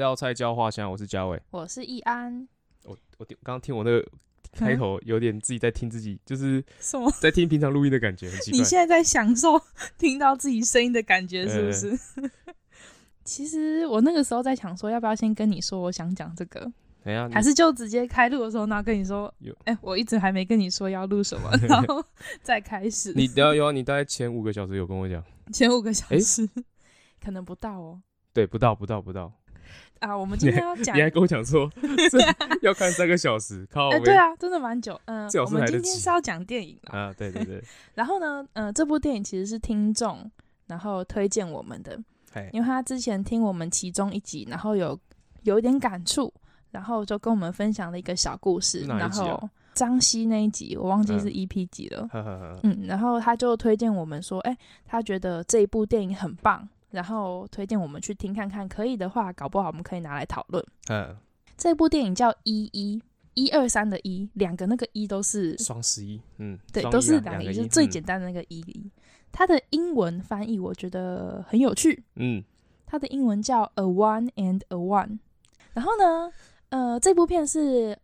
廖菜鳥話聲，我是嘉偉，我是易安。我我剛聽我那個開口，有點自己在聽自己，嗯、就是什麼在聽平常錄音的感覺，你現在在享受聽到自己聲音的感覺，是不是？對對對 其實我那個時候在想說，要不要先跟你說，我想講這個。欸啊、還是就直接開錄的時候呢，然後跟你說。哎有、欸，我一直還沒跟你說要錄什麼， 然後再開始。你等下有有、啊，你大概前五個小時有跟我講，前五個小時、欸、可能不到哦。對，不到，不到，不到。啊，我們今天要講，你還跟我講說 要看三個小時， 靠沒，我、欸？對啊，真的蠻久，嗯、呃。這小時還，我們今天是要講電影的。啊，對對對。 然後呢，嗯、呃，這部電影其實是聽眾然後推薦我們的，嘿因為他之前聽我們其中一集，然後有有一點感觸，然後就跟我們分享了一個小故事。啊、哪一集？然後張西那一集，我忘記是 EP 幾了。嗯， 嗯，然後他就推薦我們說，哎、欸，他覺得這一部電影很棒。然後推薦我們去聽看看，可以的話，搞不好我們可以拿來討論。嗯，這部電影叫一一，一二三的一，兩個那個一都是雙十一。嗯，對，啊、都是兩個一，個一是最簡單的那個一。嗯，它的英文翻譯我覺得很有趣。嗯，它的英文叫 A One and A One。然後呢，呃，這部片是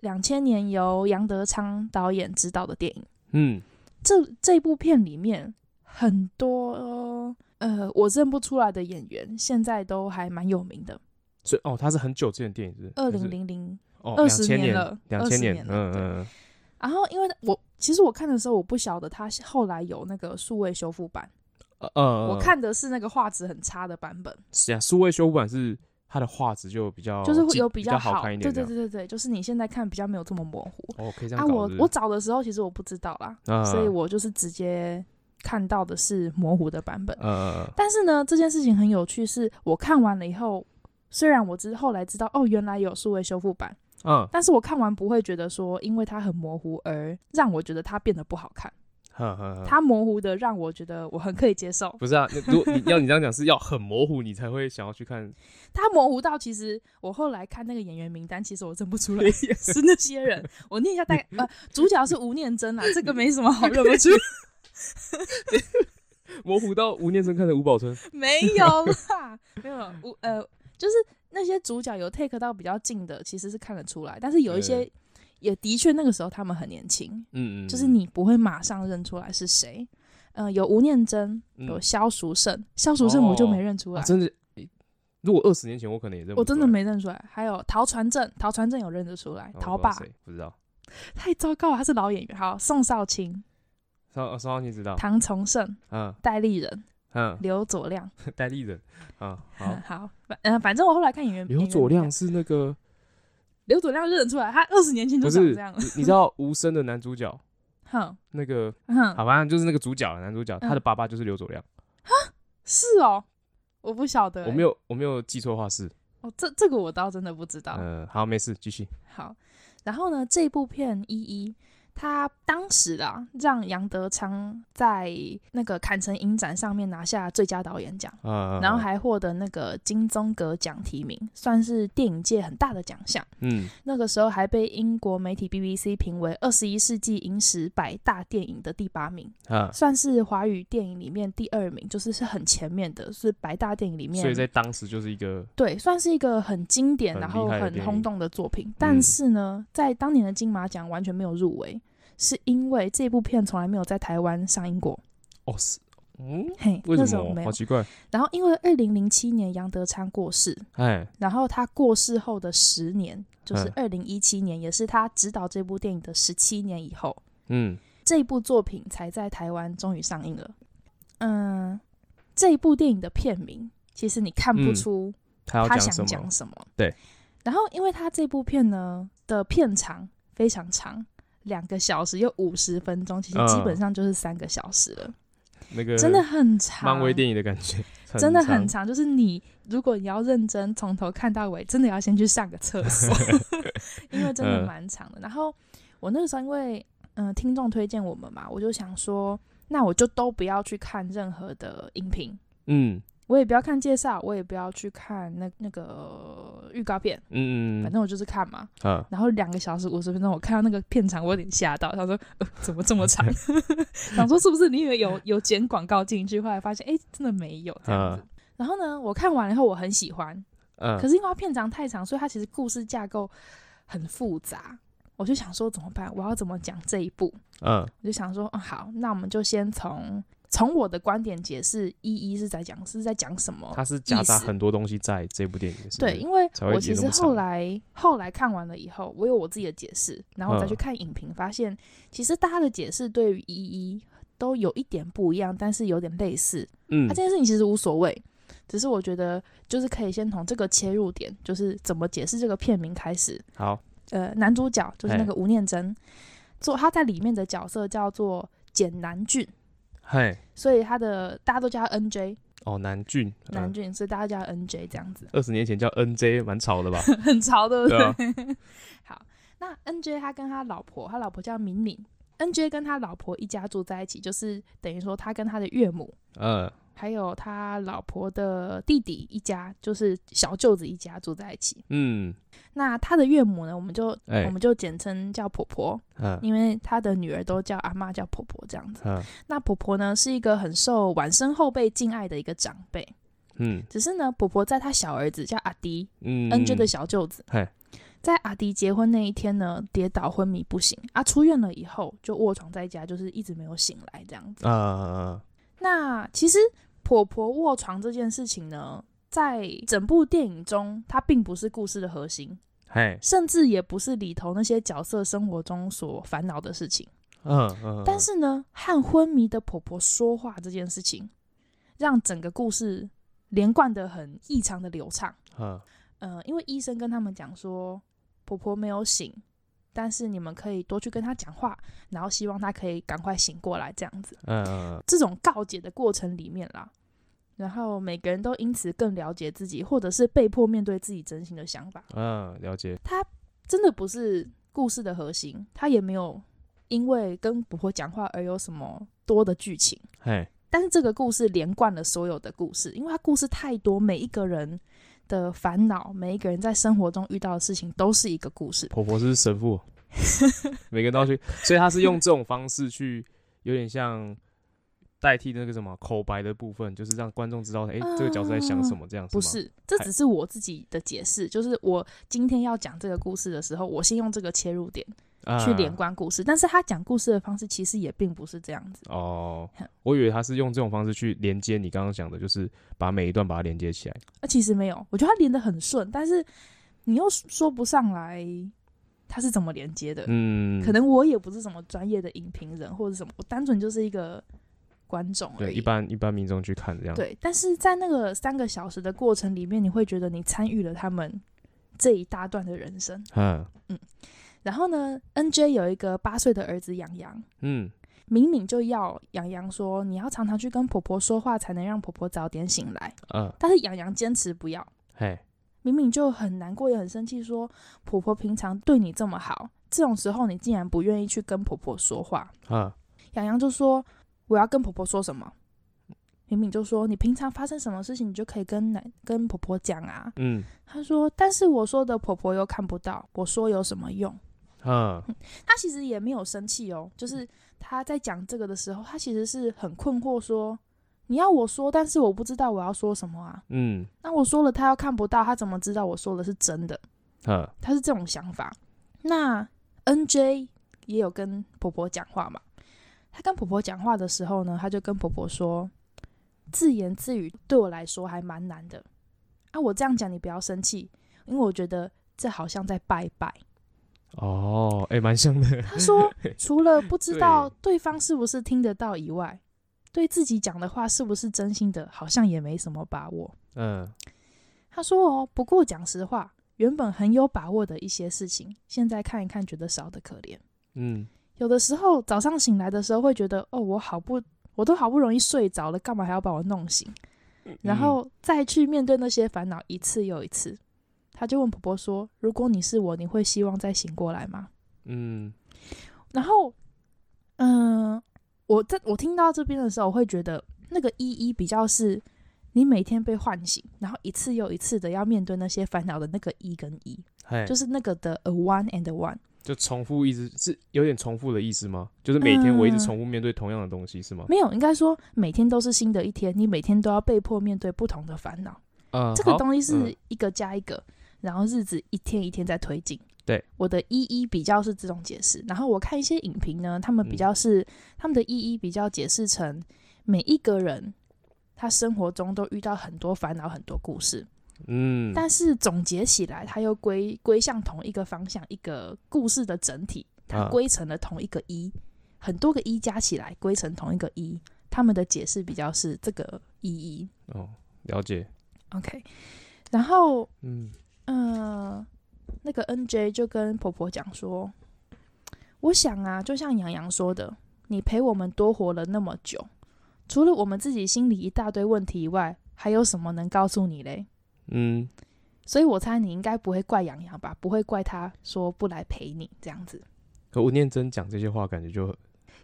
兩千年由楊德昌導演指導的電影。嗯，這這部片裡面很多，呃，我認不出來的演員，現在都還蠻有名的。所以哦，他是很久之前的電影，是二零零零，二十年了，二十年了。嗯嗯。然後，因為我其實我看的時候，我不曉得他後來有那個數位修復版。呃。我看的是那個畫質很差的版本。是呀，數位修復版是它的畫質就比較，就是會有比較好看一點。對對對對對，就是你現在看比較沒有這麼模糊。哦，可以這樣搞。啊，我我找的時候其實我不知道啦，所以我就是直接。看到的是模糊的版本，嗯嗯，但是呢，這件事情很有趣是，是我看完了以後，雖然我之後來知道，哦，原來有數位修復版，嗯，但是我看完不會覺得說，因為它很模糊而讓我覺得它變得不好看，嗯嗯嗯。它模糊的讓我覺得我很可以接受。不是啊，要你這樣講，是要很模糊你才會想要去看。 它模糊到其實我後來看那個演員名單，其實我認不出來也 是那些人。我念一下大概， 呃，主角是吳念真啊，這個沒什麼好有去。 模糊到吳念真看着吳寶春沒有啦， 沒有吳呃，就是那些主角有 take 到比較近的，其實是看得出來。但是有一些也的確那個時候他們很年輕，嗯嗯，就是你不會馬上認出來是誰。嗯、呃，有吳念真，有蕭淑慎，蕭淑慎我就沒認出來。哦啊、真的，如果二十年前我可能也認不，我真的沒認出來。還有陶傳正，陶傳正有認得出來。哦、陶爸伯不、哦、知道，太糟糕了，他是老演員。好，宋少卿。說你知道唐崇盛？嗯，戴立忍，嗯，劉佐亮，戴立忍，好，好，反，嗯，反正我後來看演員，劉佐亮是那個，劉佐亮認得出來，他二十年前就是這樣。你知道《無聲》的男主角，哼，那個，哼，好吧，就是那個主角，男主角，他的爸爸就是劉佐亮。是哦，我不曉得，我沒有，我沒有記錯的話是，哦，這這個我倒真的不知道。好，沒事，繼續。好，然後呢，這部片一一。他當時啊，讓楊德昌在那個坎城影展上面拿下最佳導演獎，啊、然後還獲得那個金棕櫚獎提名，算是電影界很大的獎項。嗯，那個時候還被英國媒體 BBC 評為二十一世紀影史百大電影的第八名，啊、算是華語電影裡面第二名，就是是很前面的，就是百大電影裡面。所以在當時就是一個對，算是一個很經典，然後很轟動的作品。嗯、但是呢，在當年的金馬獎完全沒有入圍。是因為這部片從來沒有在台灣上映過。哦，是、哦，嗯，嘿，為什麼？沒，好奇怪。然後，因為二零零七年楊德昌過世，嘿然後他過世後的十年，就是二零一七年，嘿也是他指導這部電影的十七年以後，嗯，這部作品才在台灣終於上映了。嗯、呃，這部電影的片名其實你看不出、嗯、他想講什麼。什麼對。然後，因為他這部片呢的片長非常長。兩個小時又五十分鐘，其實基本上就是三個小時了。嗯、那個真的很長，漫威電影的感覺真的很長。就是你如果你要認真從頭看到尾，真的要先去上個廁所， 因為真的蠻長的。嗯、然後我那個時候因為嗯、呃、聽眾推薦我們嘛，我就想說，那我就都不要去看任何的音頻，嗯。我也不要看介紹，我也不要去看那那個預告片，嗯，反正我就是看嘛，嗯、然後兩個小時五十分鐘，我看到那個片長，我有點嚇到，想說、呃、怎麼這麼長， 想說是不是你以為有有剪廣告進去，後來發現哎真的沒有這樣子，嗯、然後呢，我看完了以後我很喜歡，嗯，可是因為它片長太長，所以它其實故事架構很複雜，我就想說怎麼辦，我要怎麼講這一部，嗯，我就想說、嗯，好，那我們就先從。從我的觀點解釋，一一是在講是在講什麼？他是夾雜很多東西在這部電影是是。對，因為我其實後來後來看完了以後，我有我自己的解釋，然後我再去看影評，呵發現其實大家的解釋對於一一都有一點不一樣，但是有點類似。嗯，他這、啊、件事情其實無所謂，只是我覺得就是可以先從這個切入點，就是怎麼解釋這個片名開始。好，呃，男主角就是那個吳念真，嘿做他在裡面的角色叫做簡南俊。嘿，所以他的大家都叫他 N J 哦，南俊，呃、南俊，所以大家都叫 N J 這樣子。二十年前叫 N J 蠻潮的吧？ 很潮，對不對？對啊、 好，那 N J 他跟他老婆，他老婆叫敏敏，N J 跟他老婆一家住在一起，就是等於說他跟他的岳母。呃還有他老婆的弟弟一家，就是小舅子一家住在一起。嗯，那他的岳母呢？我們就、欸、我們就簡稱叫婆婆。啊、因為他的女兒都叫阿媽，叫婆婆這樣子。啊、那婆婆呢是一個很受晚生後輩敬愛的一個長輩。嗯，只是呢，婆婆在她小兒子叫阿迪，嗯，NJ 的小舅子，嗯、在阿迪結婚那一天呢，跌倒昏迷不醒啊，出院了以後就臥床在家，就是一直沒有醒來這樣子。啊那其實婆婆臥床這件事情呢，在整部電影中，它並不是故事的核心，Hey. 甚至也不是裡頭那些角色生活中所煩惱的事情，嗯嗯。但是呢，和昏迷的婆婆說話這件事情，讓整個故事連貫得很異常的流暢，嗯、uh. 呃，因為醫生跟他們講說婆婆沒有醒。但是你們可以多去跟他講話，然後希望他可以趕快醒過來，這樣子。嗯，這種告解的過程裡面啦，然後每個人都因此更了解自己，或者是被迫面對自己真心的想法。嗯，了解。他真的不是故事的核心，他也沒有因為跟婆婆講話而有什麼多的劇情。嘿，但是這個故事連貫了所有的故事，因為他故事太多，每一個人。的煩惱，每一個人在生活中遇到的事情都是一個故事。婆婆是神父， 每個人都去，所以他是用這種方式去，有點像代替那個什麼 口白的部分，就是讓觀眾知道，哎、欸，呃、這個角色在想什麼這樣。不是，這只是我自己的解釋。 就是我今天要講這個故事的時候，我先用這個切入點。去連貫故事，但是他講故事的方式其實也並不是這樣子哦。我以為他是用這種方式去連接你剛剛講的，就是把每一段把它連接起來。啊，其實沒有，我覺得他連得很順，但是你又說不上來他是怎麼連接的。嗯，可能我也不是什麼專業的影評人或者什麼，我單純就是一個觀眾。對，一般一般民眾去看這樣子。對，但是在那個三個小時的過程裡面，你會覺得你參與了他們這一大段的人生。嗯嗯。嗯然後呢，N J 有一個八歲的兒子洋洋，嗯，敏敏就要洋洋說，你要常常去跟婆婆說話，才能讓婆婆早點醒來。嗯，但是洋洋堅持不要，嘿，敏敏就很難過，也很生氣說，說婆婆平常對你這麼好，這種時候你竟然不願意去跟婆婆說話。嗯、啊，洋洋就說我要跟婆婆說什麼？敏敏就說你平常發生什麼事情，你就可以跟奶跟婆婆講啊。嗯，他說但是我說的婆婆又看不到，我說有什麼用？嗯，Huh. 他其實也沒有生氣哦，就是他在講這個的時候，他其實是很困惑，說你要我說，但是我不知道我要說什麼啊。嗯，那我說了，他要看不到，他怎麼知道我說的是真的？Huh. 他是這種想法。那 NJ 也有跟婆婆講話嘛，他跟婆婆講話的時候呢，他就跟婆婆說，自言自語對我來說還蠻難的。啊，我這樣講你不要生氣，因為我覺得這好像在拜拜。哦，哎，欸，蠻像的。他說，除了不知道對方是不是聽得到以外，對，對自己講的話是不是真心的，好像也沒什麼把握。嗯，他說哦，不過講實話，原本很有把握的一些事情，現在看一看，覺得少得可憐。嗯，有的時候早上醒來的時候，會覺得哦，我好不，我都好不容易睡着了，幹嘛還要把我弄醒？然後再去面對那些煩惱，一次又一次。他就問婆婆說：“如果你是我，你會希望再醒過來嗎？”嗯，然後，嗯、呃，我在我聽到這邊的時候，我會覺得那個一一比較是你每天被喚醒，然後一次又一次的要面對那些煩惱的那個一跟一，嘿，就是那個的 a one and a one，就重複一直是有點重複的意思嗎？就是每天我一直重複面對同樣的東西、呃、是嗎？沒有，應該說每天都是新的一天，你每天都要被迫面對不同的煩惱。呃、這個東西是一個加一個。嗯然後日子一天一天在推進。對，我的一一比較是這種解釋。然後我看一些影評呢，他們比較是、嗯、他們的一一比較解釋成每一個人他生活中都遇到很多煩惱、很多故事。嗯，但是總結起來歸，他又歸歸向同一個方向，一個故事的整體，他歸成了同一個一，啊、很多個一加起來歸成同一個一。他們的解釋比較是這個一一哦，了解。OK，然後嗯。嗯，那個 N J 就跟婆婆講說：“我想啊，就像洋洋說的，你陪我們多活了那麼久，除了我們自己心裡一大堆問題以外，還有什麼能告訴你嘞？”嗯，所以我猜你應該不會怪洋洋吧？不會怪他說不來陪你這樣子。可吳念真講這些話，感覺就很的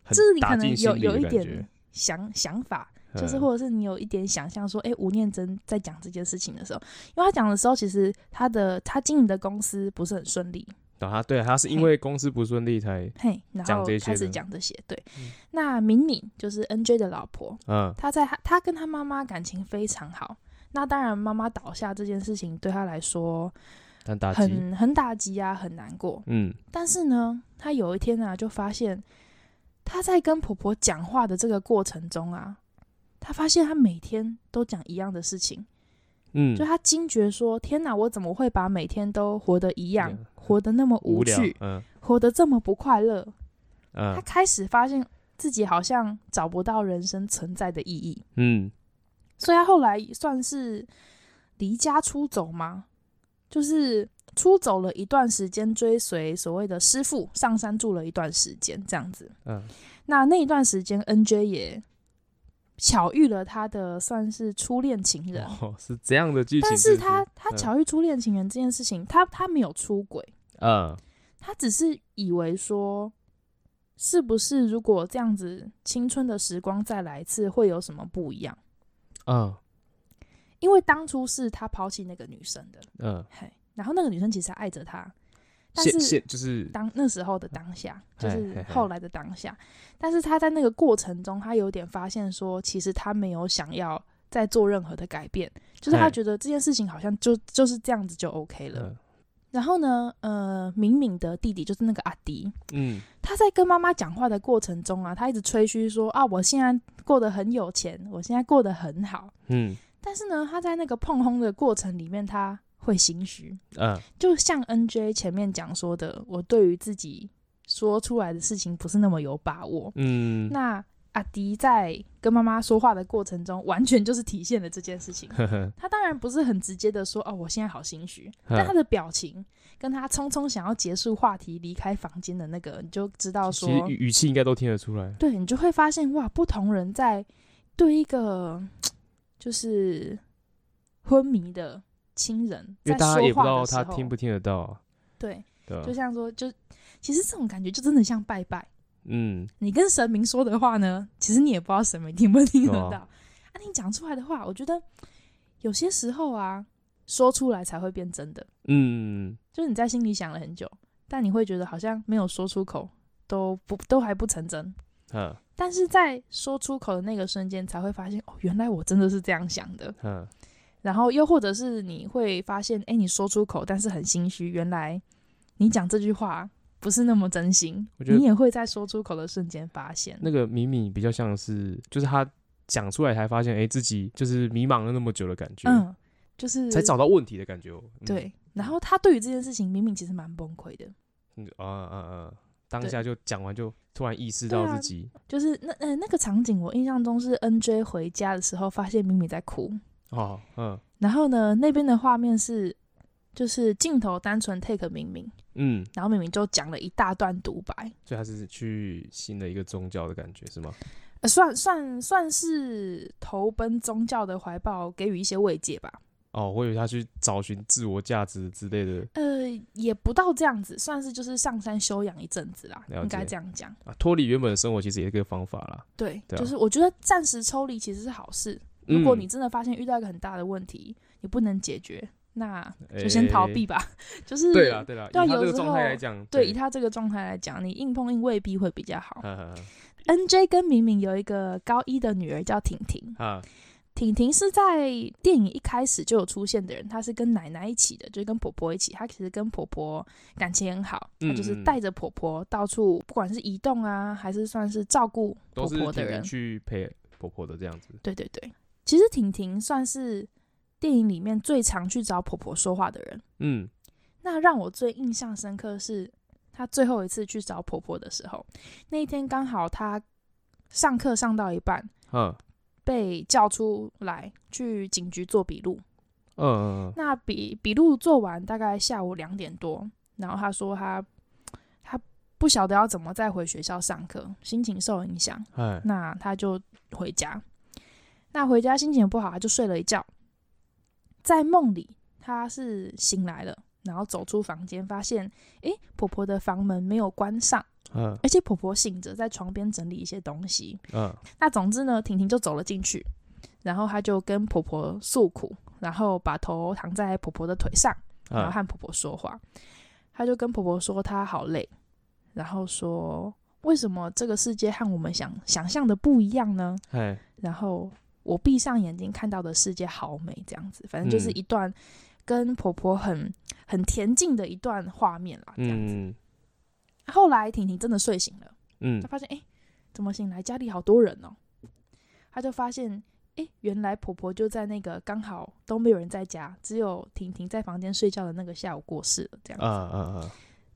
感覺這是你可能有有一點想想法。就是，或者是你有一點想象說，哎、欸，吳念真在講這件事情的時候，因為他講的時候，其實他的他經營的公司不是很順利，對、哦，他對、啊、他是因為公司不順利才嘿，這些然後開始講這些，對。嗯、那敏敏就是 NJ 的老婆，嗯，他在他跟他媽媽感情非常好，那當然媽媽倒下這件事情對他來說很打很打擊啊，很難過，嗯。但是呢，他有一天啊，就發現他在跟婆婆講話的這個過程中啊。他發現他每天都講一樣的事情，嗯，就他驚覺說：“天哪，我怎麼會把每天都活得一樣，無聊、活得那麼無趣，無聊、嗯、活得這麼不快樂？”嗯、他開始發現自己好像找不到人生存在的意義，嗯，所以他後來算是離家出走嘛，就是出走了一段時間，追隨所謂的師父上山住了一段時間，這樣子，嗯，那那一段時間，N J 也。巧遇了他的算是初戀情人，哦，是這樣的劇情。但是他他巧遇初戀情人這件事情，嗯、他他沒有出軌，嗯，他只是以為說，是不是如果這樣子青春的時光再來一次，會有什麼不一樣？嗯，因為當初是他拋棄那個女生的，嗯，嘿，然後那個女生其實還愛着他。但是就是當那時候的當下，就是後來的當下。但是他在那個過程中，他有點發現說，其實他沒有想要再做任何的改變，就是他覺得這件事情好像就就是這樣子就 OK 了。然後呢，呃，敏敏的弟弟就是那個阿弟，嗯，他在跟媽媽講話的過程中啊，他一直吹噓說啊，我現在過得很有錢，我現在過得很好，嗯。但是呢，他在那個碰轟的過程裡面，他。會心虛，嗯，就像 NJ 前面講說的，我對於自己說出來的事情不是那麼有把握，嗯，那阿迪在跟媽媽說話的過程中，完全就是體現了這件事情。呵呵，他當然不是很直接的說哦，我現在好心虛，呵但他的表情跟他匆匆想要結束話題、離開房間的那個，你就知道說，其實語、語氣應該都聽得出來。對，你就會發現哇，不同人在對一個就是昏迷的。親人在說話，因為大家也不知道他聽不聽得到。對，對就像說，就其實這種感覺就真的像拜拜。嗯，你跟神明說的話呢，其實你也不知道神明聽不聽得到。哦、啊，你講出來的話，我覺得有些時候啊，說出來才會變真的。嗯，就是你在心裡想了很久，但你會覺得好像沒有說出口都不都還不成真。嗯、但是在說出口的那個瞬間，才會發現哦，原來我真的是這樣想的。嗯然後又或者是你會發現，哎，你說出口，但是很心虛。原來你講這句話不是那麼真心，你也會在說出口的瞬間發現。那個敏敏比較像是，就是他講出來才發現，哎，自己就是迷茫了那麼久的感覺，嗯，就是才找到問題的感覺。嗯、對，然後他對於這件事情，敏敏其實蠻崩潰的。嗯啊啊啊！當下就講完就突然意識到自己，啊、就是那哎那個場景，我印象中是 NJ 回家的時候，發現敏敏在哭。哦，嗯，然後呢？那邊的畫面是，就是鏡頭單純 take 敏敏，嗯，然後敏敏就講了一大段獨白，所以他是去新的一個宗教的感覺是嗎？呃、算算算是投奔宗教的懷抱，給予一些慰藉吧。哦，我以為他去找尋自我價值之類的。呃，也不到這樣子，算是就是上山修養一陣子啦，了解。應該這樣講啊，脫離原本的生活其實也是個方法啦。對，對啊、就是我覺得暫時抽離其實是好事。如果你真的發現遇到一個很大的問題，嗯、你不能解決，那就先逃避吧。欸、 就是對啊對啊。對啊，有時候以他這對，對，以他這個狀態來講，你硬碰硬未必會比較好。哈哈哈哈 N J 跟敏敏有一個高一的女兒叫婷婷啊，哈婷婷是在電影一開始就有出現的人，她是跟奶奶一起的，就是跟婆婆一起。她其實跟婆婆感情很好，嗯、她就是帶着婆婆到處，不管是移動啊，還是算是照顧婆婆的人去陪婆婆的這樣子。對對對。其實婷婷算是電影裡面最常去找婆婆說話的人。嗯，那讓我最印象深刻是她最後一次去找婆婆的時候，那一天剛好她上課上到一半，嗯，被叫出來去警局做筆錄。嗯，那筆筆錄做完，大概下午兩點多，然後她說她她不曉得要怎麼再回學校上課，心情受影響。嘿那她就回家。那回家心情不好，他就睡了一覺。在夢裡，她是醒來了，然後走出房間，發現誒，婆婆的房門沒有關上，啊、而且婆婆醒着，在床邊整理一些東西，啊、那總之呢，婷婷就走了進去，然後她就跟婆婆訴苦，然後把頭躺在婆婆的腿上，然後和婆婆說話。她、啊、就跟婆婆說她好累，然後說為什麼這個世界和我們想想象的不一樣呢？哎、然後。我閉上眼睛看到的世界好美，這樣子，反正就是一段跟婆婆很、嗯、很恬靜的一段畫面啦，這樣子。後來婷婷真的睡醒了，嗯，她發現哎、欸，怎麼醒來家裡好多人哦、喔，她就發現哎、欸，原來婆婆就在那個剛好都沒有人在家，只有婷婷在房間睡覺的那個下午過世了，這樣子，啊、啊、啊、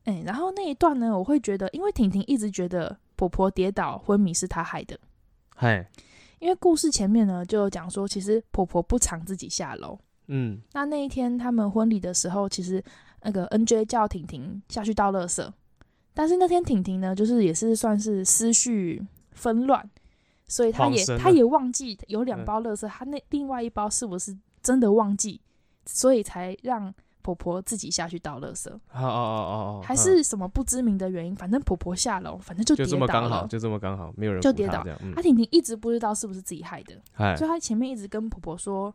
欸、然後那一段呢，我會覺得，因為婷婷一直覺得婆婆跌倒昏迷是她害的，因為故事前面呢，就講說其實婆婆不常自己下樓。嗯，那那一天他們婚禮的時候，其實那個 NJ 叫婷婷下去倒垃圾，但是那天婷婷呢，就是也是算是思緒紛亂，所以她也她也忘記有兩包垃圾，嗯、她那另外一包是不是真的忘記，所以才讓婆婆自己下去倒垃圾，哦哦哦哦，還是什麼不知名的原因，呵反正婆婆下樓，反正就跌倒了，就這麼剛好，就這麼剛好，沒有人就跌倒這樣。阿婷婷一直不知道是不是自己害的，hey, 所以她前面一直跟婆婆說：“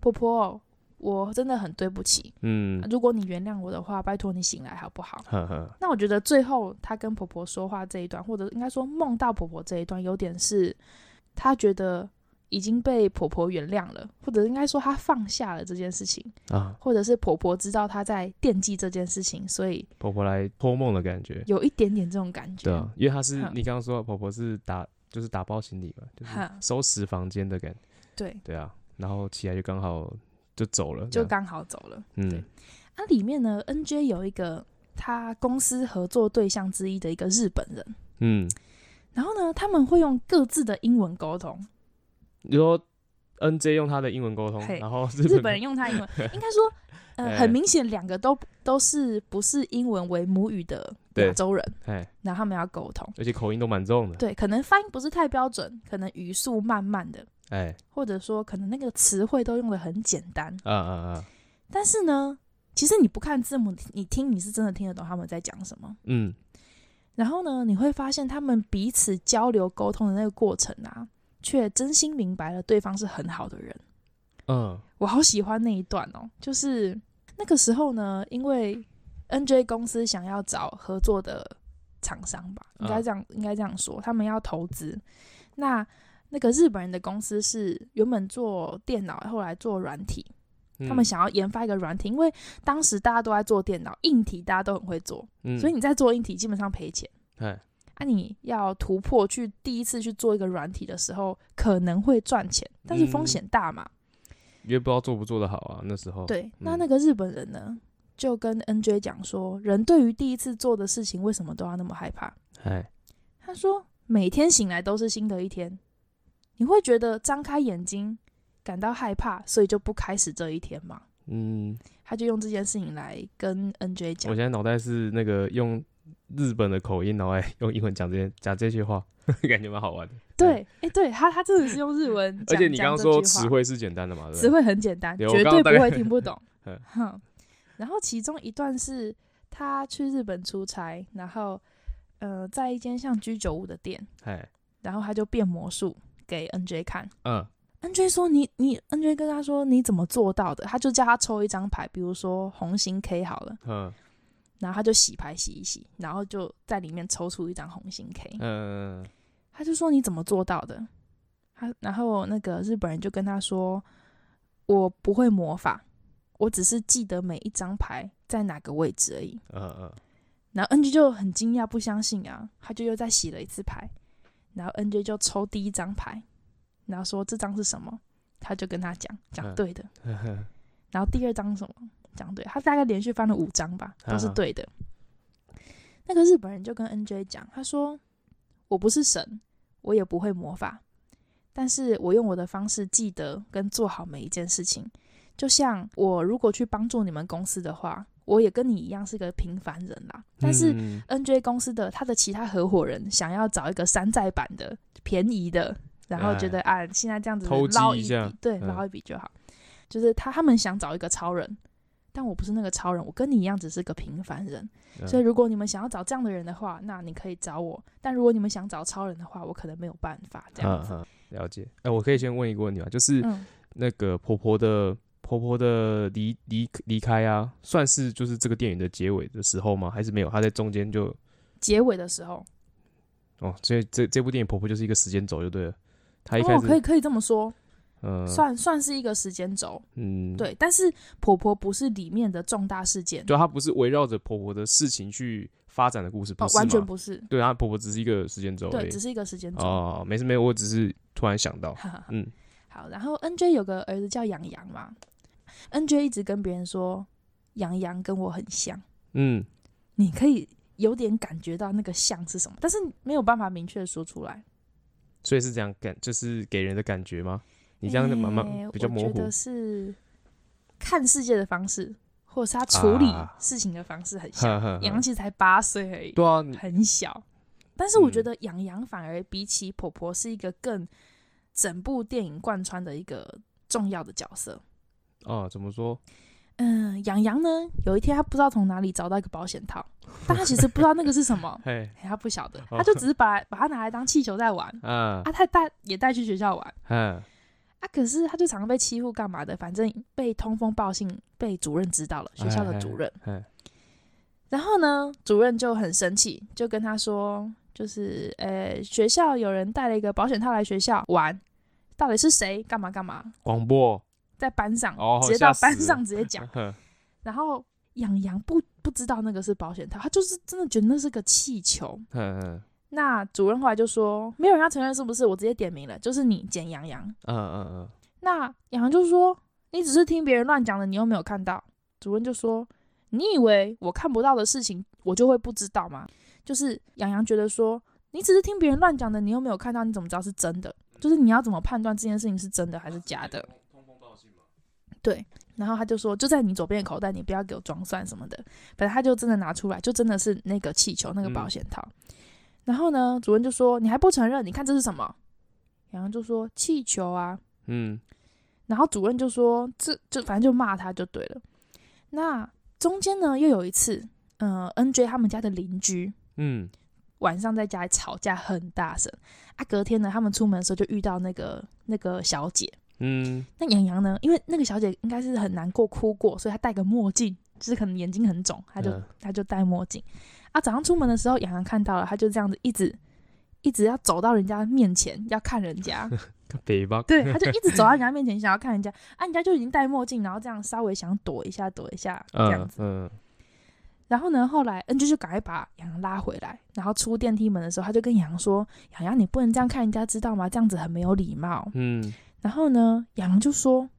婆婆，我真的很對不起，嗯，如果你原諒我的話，拜託你醒來好不好？”呵呵。那我覺得最後她跟婆婆說話這一段，或者應該說夢到婆婆這一段，有點是她覺得。已經被婆婆原諒了，或者應該說她放下了這件事情啊，或者是婆婆知道她在惦記這件事情，所以婆婆來托夢的感覺，有一點點這種感覺。對、啊，因為她是、啊、你剛剛說的婆婆是打就是打包行李嘛，就是收拾房間的感覺。啊、對對啊，然後起來就剛好就走了，就剛好走了。樣嗯，那、啊、裡面呢，NJ 有一個他公司合作對象之一的一個日本人，嗯，然後呢他們會用各自的英文溝通。你說，N J 用他的英文溝通，hey, 然後日本人用他的英文， 應該說，呃，hey, 很明顯，兩個都都是不是英文為母語的亞洲人，hey, 然後他們要溝通，hey, 而且口音都蠻重的，對，可能發音不是太標準，可能語速慢慢的，哎，Hey. 或者說可能那個詞彙都用的很簡單，uh, uh, uh. 但是呢，其實你不看字母，你你聽，你是真的聽得懂他們在講什麼，嗯，然後呢，你會發現他們彼此交流溝通的那個過程啊。卻真心明白了對方是很好的人，嗯，oh. 我好喜歡那一段哦、喔。就是那個時候呢，因為 NJ 公司想要找合作的廠商吧，應該這樣，oh. 應該這樣說，他們要投資。那那個日本人的公司是原本做電腦，後來做軟體，他們想要研发一個軟體，嗯、因為當時大家都在做電腦硬體，大家都很會做，嗯、所以你在做硬體基本上賠錢。那、啊、你要突破去第一次去做一個軟體的時候，可能會賺錢，但是風險大嘛，因為、嗯、不知道做不做得好啊。那時候，對，嗯、那那個日本人呢，就跟 N J 講說，人對於第一次做的事情，為什麼都要那麼害怕？哎嘿，他說，每天醒來都是新的一天，你會覺得張開眼睛感到害怕，所以就不開始這一天嘛。嗯，他就用這件事情來跟 N J 講。我現在腦袋是那個用。日本的口音，然後用英文講這些講這些話，呵呵，感覺蠻好玩的。對，哎、嗯欸，對他，他真的是用日文講。 而且你剛剛說詞彙是簡單的嘛？對，詞彙很簡單，有絕對不會聽不懂。哼呵。然後其中一段是他去日本出差，然後、呃，在一間像居酒屋的店，嘿然後他就變魔術給 N J 看。嗯。N J 說你：“你你 N J 跟他說你怎麼做到的？”他就叫他抽一張牌，比如說紅心 K 好了。嗯。然後他就洗牌洗一洗，然後就在裡面抽出一張紅心 K。嗯，他就說你怎麼做到的？他然後那個日本人就跟他說，我不會魔法，我只是記得每一張牌在哪個位置而已。嗯嗯。嗯然後 NJ 就很驚訝不相信啊，他就又再洗了一次牌，然後 NJ 就抽第一張牌，然後說這張是什麼？他就跟他講講對的。嗯、呵呵然後第二張什麼？講對，他大概連續翻了五張吧，都是對的。啊、那個日本人就跟 NJ 講，他說：“我不是神，我也不會魔法，但是我用我的方式記得跟做好每一件事情。就像我如果去幫助你們公司的話，我也跟你一樣是個平凡人啦。但是 NJ 公司的他的其他合夥人想要找一個山寨版的便宜的，然後覺得、哎、啊，現在這樣子撈一筆，一下對，撈一筆就好。嗯、就是他他們想找一個超人。”但我不是那個超人，我跟你一樣，只是個平凡人。嗯、所以如果你們想要找這樣的人的話，那你可以找我。但如果你們想找超人的話，我可能沒有辦法這樣子。啊啊、了解。哎、欸，我可以先問一個問題啊，就是、嗯、那個婆婆的婆婆的離離離開啊，算是就是這個電影的結尾的時候嗎？還是沒有？她在中間就結尾的時候。哦，所以這這部電影婆婆就是一個時間軸就對了。她一開始哦，可以可以這麼說。嗯、算算是一個時間軸，嗯，對，但是婆婆不是裡面的重大事件，對，她不是圍繞着婆婆的事情去發展的故事，不是、哦、完全不是，對她婆婆只是一個時間軸，對，欸、只是一個時間軸哦，沒事沒事，我只是突然想到，哈哈哈哈，嗯，好，然後 NJ 有個兒子叫洋洋嘛，NJ 一直跟別人說洋洋跟我很像，嗯，你可以有點感覺到那個像是什麼，但是沒有辦法明確的說出來，所以是這樣感，就是給人的感覺嗎？你這樣就媽媽、欸、比較模糊。我覺得是看世界的方式，或是他處理事情的方式很像。洋洋、啊、其實才八歲，而已，啊、很小。你但是我覺得洋洋，洋反而比起婆婆是一個更整部電影貫穿的一個重要的角色。哦、啊，怎麼說？嗯，洋洋，洋呢，有一天他不知道從哪裡找到一個保險套，但他其實不知道那個是什麼，他、 欸、不曉得，他就只是把把它拿來當氣球在玩。嗯、啊，他帶、啊、也帶去學校玩。嗯、啊。啊！可是他就常被欺負，幹嘛的？反正被通風報信，被主任知道了，學校的主任。嘿嘿嘿，然後呢，主任就很生氣，就跟他說：“就是，呃、欸，學校有人帶了一個保險套來學校玩，到底是誰？幹嘛幹嘛？”廣播在班上，哦、直接到班上直接講。呵呵然後洋洋不不知道那個是保險套，他就是真的覺得那是個氣球。呵呵那主任後來就說：“沒有人要承認是不是？我直接點名了，就是你簡洋洋。洋洋嗯”嗯嗯嗯。那洋洋就說：“你只是聽別人亂講的，你又沒有看到。”主任就說：“你以為我看不到的事情，我就會不知道嗎？”就是洋洋覺得說：“你只是聽別人亂講的，你又沒有看到，你怎麼知道是真的？就是你要怎麼判斷這件事情是真的還是假的？通風報信嘛。碰碰”碰碰對，然後他就說：“就在你左邊的口袋，你不要給我裝蒜什麼的。”反正他就真的拿出來，就真的是那個氣球那個保險套。嗯然後呢，主任就說：“你還不承認？你看這是什麼？”洋洋就說：“氣球啊。”嗯，然後主任就說：“這就反正就罵他就對了。”那中間呢，又有一次，呃，NJ 他們家的鄰居，嗯，晚上在家裡吵架很大聲啊。隔天呢，他們出門的時候就遇到那個那個小姐，嗯，那洋洋呢，因為那個小姐應該是很難過哭過，所以她戴個墨鏡，就是可能眼睛很腫，她就她、嗯、就戴墨鏡。啊，早上出門的時候，洋洋看到了，他就這樣子一直一直要走到人家面前，要看人家。 厲 對，他就一直走到人家面前，想要看人家。 啊，人家就已經戴墨鏡，然後這樣稍微想躲一下，躲一下這樣子。嗯嗯、然後呢，後來 NJ 就趕快把洋洋拉回來。然後出電梯門的時候，他就跟洋洋說：“洋洋，你不能這樣看人家，知道嗎？這樣子很沒有禮貌。”嗯。然後呢，洋洋就說：“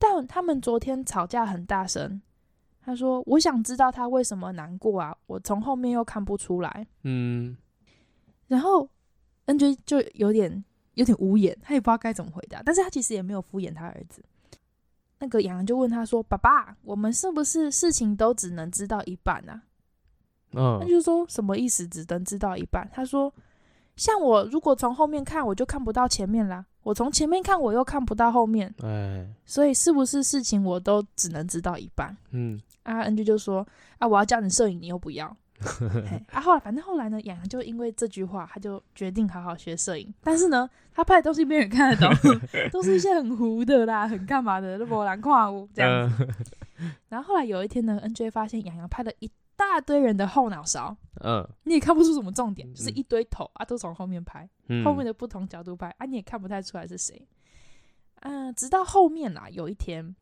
但他們昨天吵架很大聲。”他說：“我想知道他為什麼難過啊，我從後面又看不出來。”嗯，然後 NJ 就有點有點無言，他也不知道該怎麼回答。但是他其實也沒有敷衍他兒子。那個洋洋就問他說：“爸爸，我們是不是事情都只能知道一半啊？”嗯、哦，他就說什麼意思？只能知道一半？他說：“像我如果從後面看，我就看不到前面啦；我從前面看，我又看不到後面。哎，所以是不是事情我都只能知道一半？”嗯。啊，N J 就說：“啊，我要教你攝影，你又不要。”啊，後來反正後來呢，洋洋就因為這句話，他就決定好好學攝影。但是呢，他拍的東西沒人看得懂，都是一些很糊的啦，很幹嘛的，那麼藍框屋這樣子。然後後來有一天呢，N J 發現洋洋拍了一大堆人的後腦勺，嗯，你也看不出什麼重點，就是一堆頭啊，都從後面拍，後面的不同角度拍啊，你也看不太出來是誰。嗯，直到後面啊，有一天。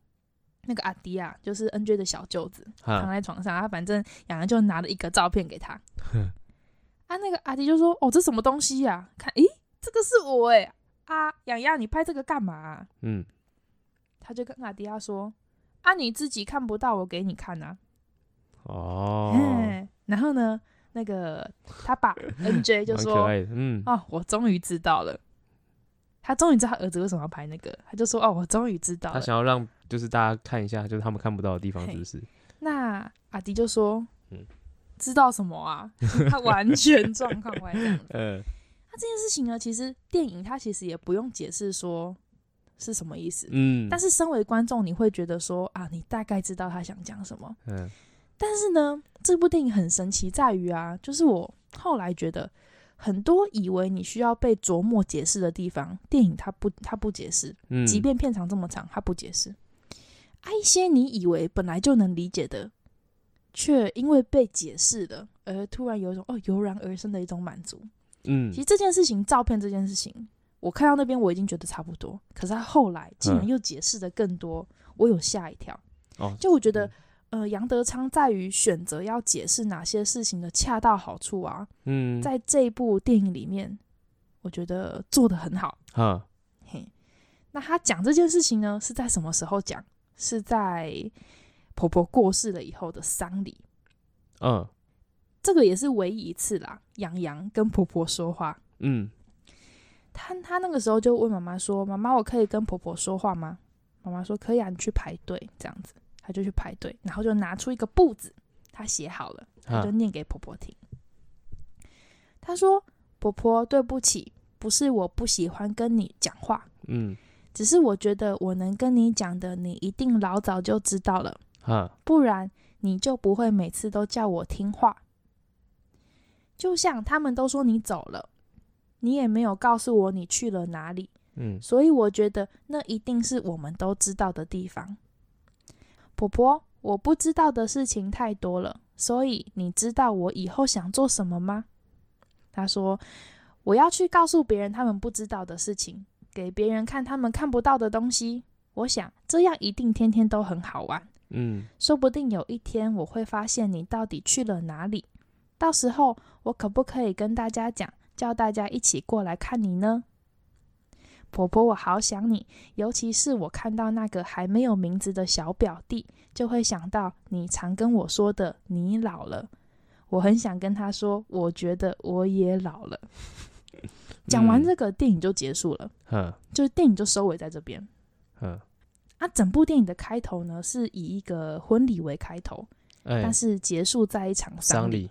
那個阿迪亞、啊、就是 N J 的小舅子，躺在床上，他哈、啊、反正洋洋就拿了一個照片給他。 啊，那個阿迪就說：“哦，這什麼東西呀、啊？看，咦，這個是我誒、欸。”啊，洋洋，你拍這個幹嘛、啊？嗯，他就跟阿迪亞、啊、說：“啊，你自己看不到，我給你看啊。哦”哦，然後呢，那個他爸 N J 就說：“ 嗯，啊，我終於知道了。”他終於知道他兒子為什麼要拍那個，他就說：“哦，我終於知道了。”他想要讓就是大家看一下，就是他們看不到的地方，是不是？那阿迪就說：“嗯，知道什麼啊？ 他完全狀況外這樣子。”嗯，那、 呃啊、這件事情呢，其實電影它其實也不用解釋說是什麼意思，嗯。但是身為觀眾，你會覺得說啊，你大概知道他想講什麼，嗯。但是呢，這部電影很神奇在於啊，就是我後來覺得。很多以為你需要被琢磨解釋的地方，電影它不，它不解釋。即便片長這麼長，它不解釋。嗯、啊，一些你以為本來就能理解的，卻因為被解釋了而突然有一種哦油然而生的一種滿足。嗯，其實這件事情，照片這件事情，我看到那邊我已經覺得差不多，可是他後來竟然又解釋的更多，嗯、我有嚇一跳。哦，就我覺得。呃，楊德昌在於選擇要解釋哪些事情的恰到好處啊。嗯，在這部電影裡面，我覺得做得很好啊。嘿，那他講這件事情呢，是在什麼時候講？是在婆婆過世了以後的喪禮。嗯、啊，這個也是唯一一次啦。洋洋跟婆婆說話。嗯，他他那個時候就問媽媽說：“媽媽，我可以跟婆婆說話嗎？”媽媽說：“可以啊，你去排隊這樣子。”他就去排隊，然後就拿出一個簿子，他寫好了，他就念給婆婆聽。啊、他說：“婆婆，對不起，不是我不喜歡跟你講話，嗯，只是我覺得我能跟你講的，你一定老早就知道了，啊、不然你就不會每次都叫我聽話。就像他們都說你走了，你也沒有告訴我你去了哪裡，嗯，所以我覺得那一定是我們都知道的地方。”婆婆，我不知道的事情太多了，所以你知道我以後想做什麼嗎？他說：“我要去告訴別人他們不知道的事情，給別人看他們看不到的東西。我想，這樣一定天天都很好玩。嗯，說不定有一天我會發現你到底去了哪裡，到時候我可不可以跟大家講，叫大家一起過來看你呢？”婆婆，我好想你，尤其是我看到那個還沒有名字的小表弟，就會想到你常跟我說的“你老了”。我很想跟他說，我覺得我也老了。講 完這個，嗯、電影就結束了，呵就是電影就收尾在這邊呵、啊。整部電影的開頭呢是以一個婚禮為開頭，欸、但是結束在一場喪禮。禮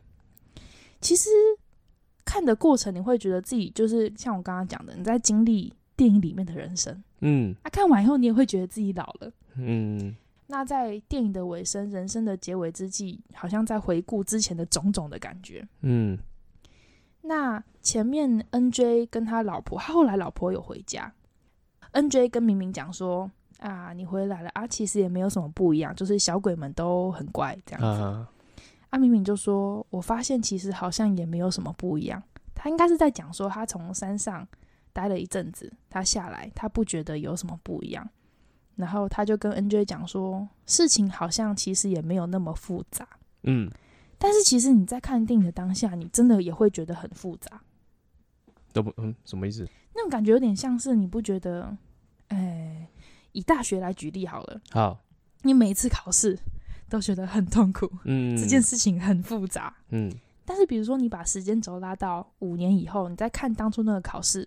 其實看的過程，你會覺得自己就是像我剛剛講的，你在經歷。電影裡面的人生，嗯，啊，看完以後你也會覺得自己老了，嗯。那在電影的尾聲，人生的結尾之際，好像在回顧之前的種種的感覺，嗯。那前面 NJ 跟他老婆，他後來老婆有回家，NJ 跟明明講說：“啊，你回來了啊，其實也沒有什麼不一樣，就是小鬼們都很乖這樣子。”啊，啊明明就說：“我發現其實好像也沒有什麼不一樣。”他應該是在講說他從山上。待了一陣子，他下來，他不覺得有什麼不一樣。然後他就跟 NJ 講說，事情好像其實也沒有那麼複雜。嗯，但是其實你在看電影的當下，你真的也會覺得很複雜。都不嗯，什麼意思？那種感覺有點像是你不覺得，哎、欸，以大學來舉例好了。好、哦，你每一次考試都覺得很痛苦。嗯，這件事情很複雜。嗯，但是比如說你把時間軸拉到五年以後，你再看當初那個考試。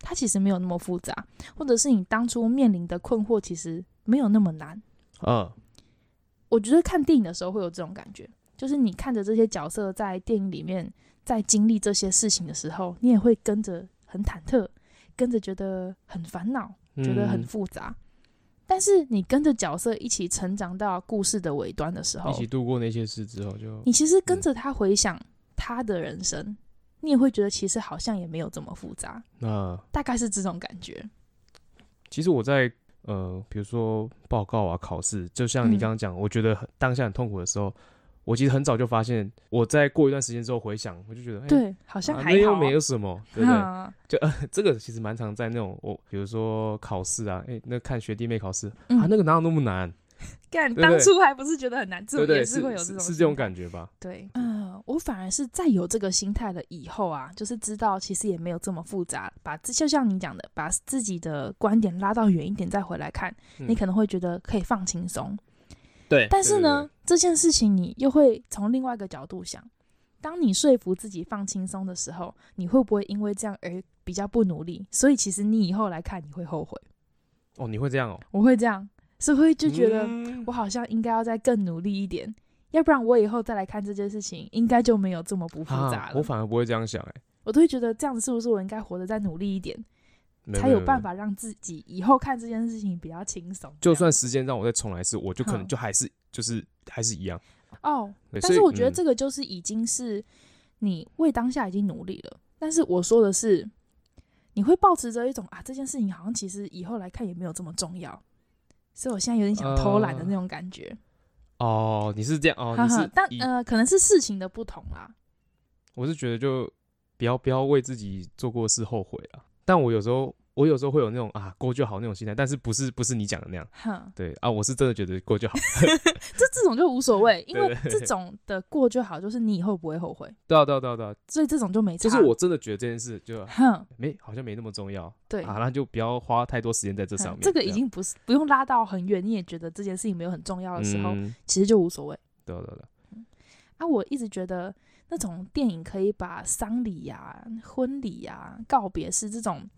它其實沒有那麼複雜，或者是你當初面臨的困惑其實沒有那麼難。嗯、啊，我覺得看電影的時候會有這種感覺，就是你看着這些角色在電影裡面在經歷這些事情的時候，你也會跟着很忐忑，跟着覺得很煩惱，覺得很複雜。嗯、但是你跟着角色一起成長到故事的尾端的時候，一起度過那些事之後就，就你其實跟着他回想他的人生。嗯你也會覺得其實好像也沒有這麼複雜，那大概是這種感覺。其實我在呃，比如說報告啊、考試，就像你剛剛講，嗯、我覺得當下很痛苦的時候，我其實很早就發現，我在過一段時間之後回想，我就覺得、欸、對，好像還沒有沒有什麼，對不對？嗯啊、就呃，這個其實蠻常在那種我、哦，比如說考試啊，哎、欸，那看學弟妹考試啊，那個哪有那麼難。嗯幹 當初還不是覺得很難做，對對對，也是會有這種對對對，是，是，是這種感覺吧？對，嗯、呃，我反而是在有這個心態的以後啊，就是知道其實也沒有這麼複雜。把就像你講的，把自己的觀點拉到遠一點再回來看，嗯、你可能會覺得可以放輕鬆。對，但是呢，對對對對，這件事情你又會從另外一個角度想。當你說服自己放輕鬆的時候，你會不會因為這樣而比較不努力？所以其實你以後來看你會後悔哦，你會這樣哦，我會這樣。所以就覺得我好像應該要再更努力一點，嗯、要不然我以後再來看這件事情，應該就沒有這麼不複雜了、啊。我反而不會這樣想、欸，哎，我都會覺得這樣子是不是我應該活得再努力一點，沒沒沒，才有辦法讓自己以後看這件事情比較輕鬆。就算時間讓我再重來一次，我就可能就還是、嗯、就是還是一樣哦。Oh, 對但是我覺得這個就是已經是你為當下已經努力了。嗯、但是我說的是，你會保持着一種啊，這件事情好像其實以後來看也沒有這麼重要。所以我現在有點想偷懶的那種感覺。呃，哦，你是這樣哦，你是 以但呃，可能是事情的不同啦、啊。我是覺得就不要不要為自己做過事後悔了，但我有時候。我有時候會有那種啊過就好那種心態，但是不是不是你講的那樣，哼對啊，我是真的覺得過就好。 這這種就無所謂，因為這種的過就好，就是你以後不會後悔。對啊對啊對啊，所以這種就沒差。就是我真的覺得這件事就哼，沒好像沒那麼重要。對啊，那就不要花太多時間在這上面。這個已經不是樣不用拉到很遠，你也覺得這件事情沒有很重要的時候，嗯、其實就無所謂。對，對對對。啊，我一直覺得那種電影可以把喪禮呀、婚禮呀、啊、告別式這種。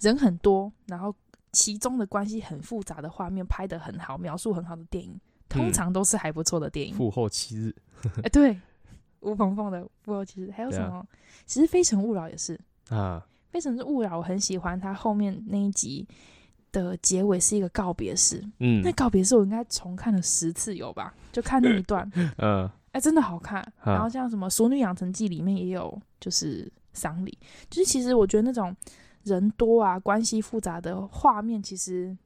人很多，然後其中的關係很複雜的畫面拍得很好，描述很好的電影，嗯、通常都是還不錯的電影。父後七日，哎、 欸，對，吳朋奉的父後七日，還有什麼？樣其實《非誠勿擾》也是啊，《非誠勿擾》我很喜歡，他後面那一集的結尾是一個告別式，嗯，那告別式我應該重看了十次有吧？就看那一段，嗯，哎，真的好看。啊、然後像什麼《熟女養成記》裡面也有，就是喪禮，就是其實我覺得那種。人多啊，關係複雜的畫面，其實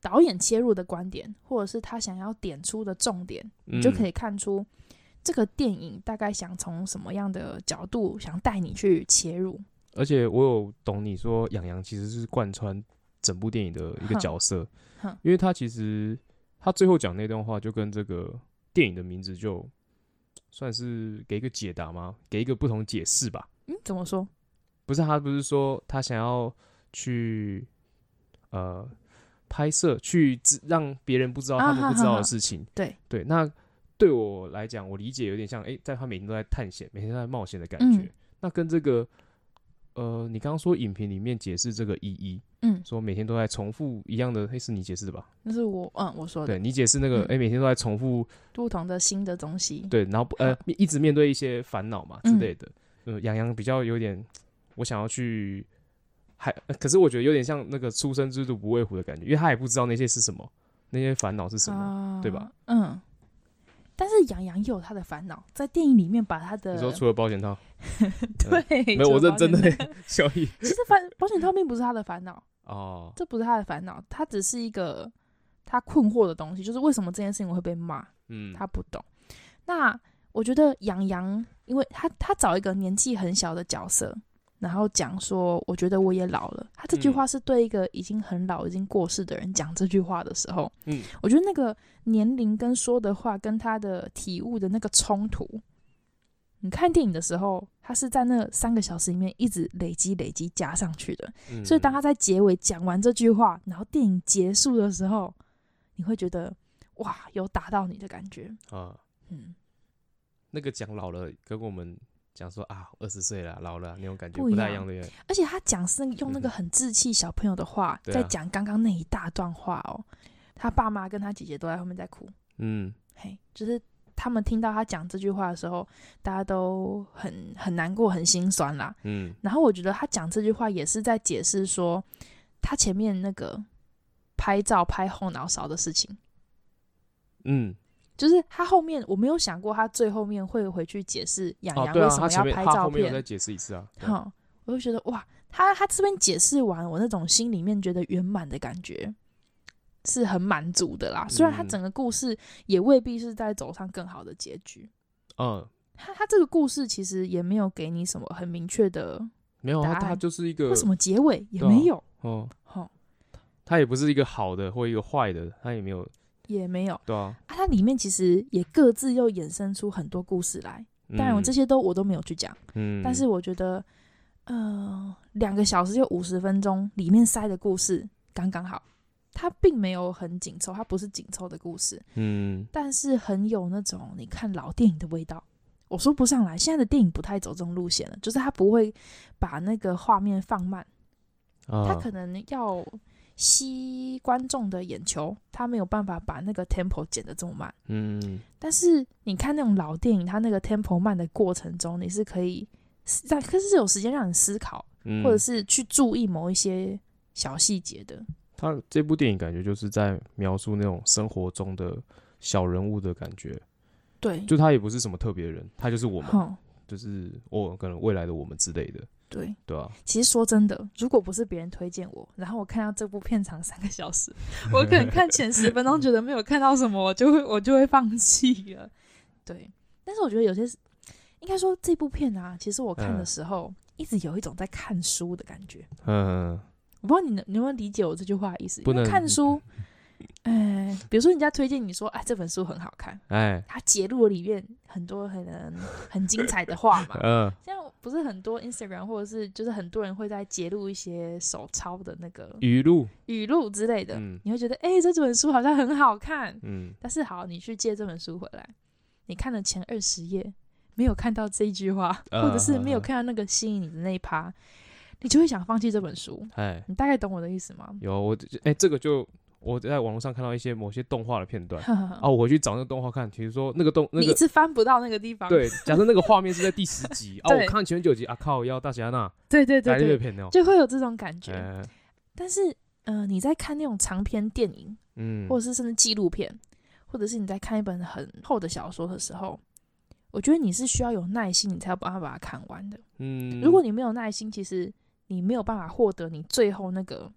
導演切入的觀點，或者是他想要點出的重點，嗯、你就可以看出這個電影大概想從什麼樣的角度，想帶你去切入。而且我有懂你說，洋洋其實是貫穿整部電影的一個角色，因為他其實他最後講那段話，就跟這個電影的名字就算是給一個解答嗎？給一個不同解釋吧。嗯，怎麼說？不是他，不是說他想要去呃拍攝，去讓別人不知道他們不知道的事情。對對，那對我來講，我理解有點像哎，在他每天都在探險，每天都在冒險的感覺。那跟這個呃，你剛剛說影評裡面解釋這個一一，嗯，說每天都在重複一樣的，那是你解釋的吧？那是我嗯，我說的。對，你解釋那個哎，每天都在重複不同的新的東西。對，然後呃，一直面對一些煩惱嘛之類的。嗯，洋洋比較有點。我想要去，還可是我覺得有點像那個“初生之犢不畏虎”的感覺，因為他也不知道那些是什麼，那些煩惱是什麼，uh, 對吧？嗯。但是洋洋也有他的煩惱，在電影裡面把他的你說除了保險套， 對、嗯，沒有我認真的小易。其實，反保險套並不是他的煩惱哦，uh, 這不是他的煩惱，他只是一個他困惑的東西，就是為什麼這件事情我會被罵？嗯，他不懂。那我覺得洋洋，因為他他找一個年紀很小的角色。然後講說，我覺得我也老了。他這句話是對一個已經很老、嗯、已經過世的人講這句話的時候，嗯，我覺得那個年齡跟說的話跟他的體悟的那個衝突。你看電影的時候，他是在那三個小時裡面一直累積、累積加上去的，嗯、所以當他在結尾講完這句話，然後電影結束的時候，你會覺得哇，有打到你的感覺、啊、嗯，那個講老了跟我們。講說啊，二十歲了，老了那種感覺，不太一樣的，樣，而且他講是用那個很稚氣小朋友的話，嗯啊、在講剛剛那一大段話哦。他爸媽跟他姐姐都在後面在哭，嗯，嘿，hey, 就是他們聽到他講這句話的時候，大家都很很難過，很心酸啦，嗯。然後我覺得他講這句話也是在解釋說，他前面那個拍照拍後腦勺的事情，嗯。就是他後面我沒有想過他最後面會回去解釋洋洋為什麼要拍照片。我再、哦啊、解釋一次啊。好、嗯，我就覺得哇，他他這邊解釋完，我那種心裡面覺得圓滿的感覺，是很滿足的啦。雖然他整個故事也未必是在走上更好的結局。嗯。他他這個故事其實也沒有給你什麼很明確的，沒有他，他就是一個為什麼結尾也沒有哦。好、哦，嗯、他也不是一個好的或一個壞的，他也沒有。也沒有，啊，啊，它裡面其實也各自又衍生出很多故事來，當然、嗯、我這些都我都沒有去講，嗯、但是我覺得，呃，兩個小時就五十分鐘，裡面塞的故事剛剛好，它並沒有很緊湊，它不是緊湊的故事，嗯，但是很有那種你看老電影的味道，我說不上來，現在的電影不太走這種路線了，就是它不會把那個畫面放慢，啊、它可能要。吸觀眾的眼球，他沒有辦法把那個 tempo 剪得這麼慢。嗯，但是你看那種老電影，他那個 tempo 慢的過程中，你是可以在，可是有時間讓你思考，嗯、或者是去注意某一些小細節的。他這部電影感覺就是在描述那種生活中的小人物的感覺。對，就他也不是什麼特別的人，他就是我們，哦、就是我可能未來的我們之類的。對，對啊，其實說真的，如果不是別人推薦我，然後我看到這部片長三個小時，我可能看前十分鐘覺得沒有看到什麼，我就會我就會放棄了。對，但是我覺得有些是，應該說這部片啊，其實我看的時候，嗯，一直有一種在看書的感覺。嗯，我不知道你能你能不能理解我這句話的意思，不能看書。哎、欸，比如說人家推薦你說，哎、欸，這本書很好看，哎、欸，他截錄了裡面很多可能很精彩的話嘛，嗯、 呃，像不是很多 Instagram 或者是就是很多人會在截錄一些手抄的那個語錄錄、語錄之類的，嗯、你會覺得，哎、欸，這本書好像很好看，嗯，但是好，你去借這本書回來，你看了前二十頁，沒有看到這一句話，呃、或者是沒有看到那個吸引你的那一趴，呃、你就會想放棄這本書。哎、欸，你大概懂我的意思嗎？有，我哎、欸，這個就。我在網絡上看到一些某些動畫的片段呵呵啊，我去找那個動畫看。其實說那個動，那個、你一直翻不到那個地方。對，假設那個畫面是在第十集哦 對、啊，我看前九集啊，靠，要大俠、啊，那對對對，就會有這種感覺。欸、但是、呃，你在看那種長篇電影，嗯，或者是甚至紀錄片，嗯、或者是你在看一本很厚的小說的時候，我覺得你是需要有耐心，你才有辦法把它看完的。嗯，如果你沒有耐心，其實你沒有辦法獲得你最後那個。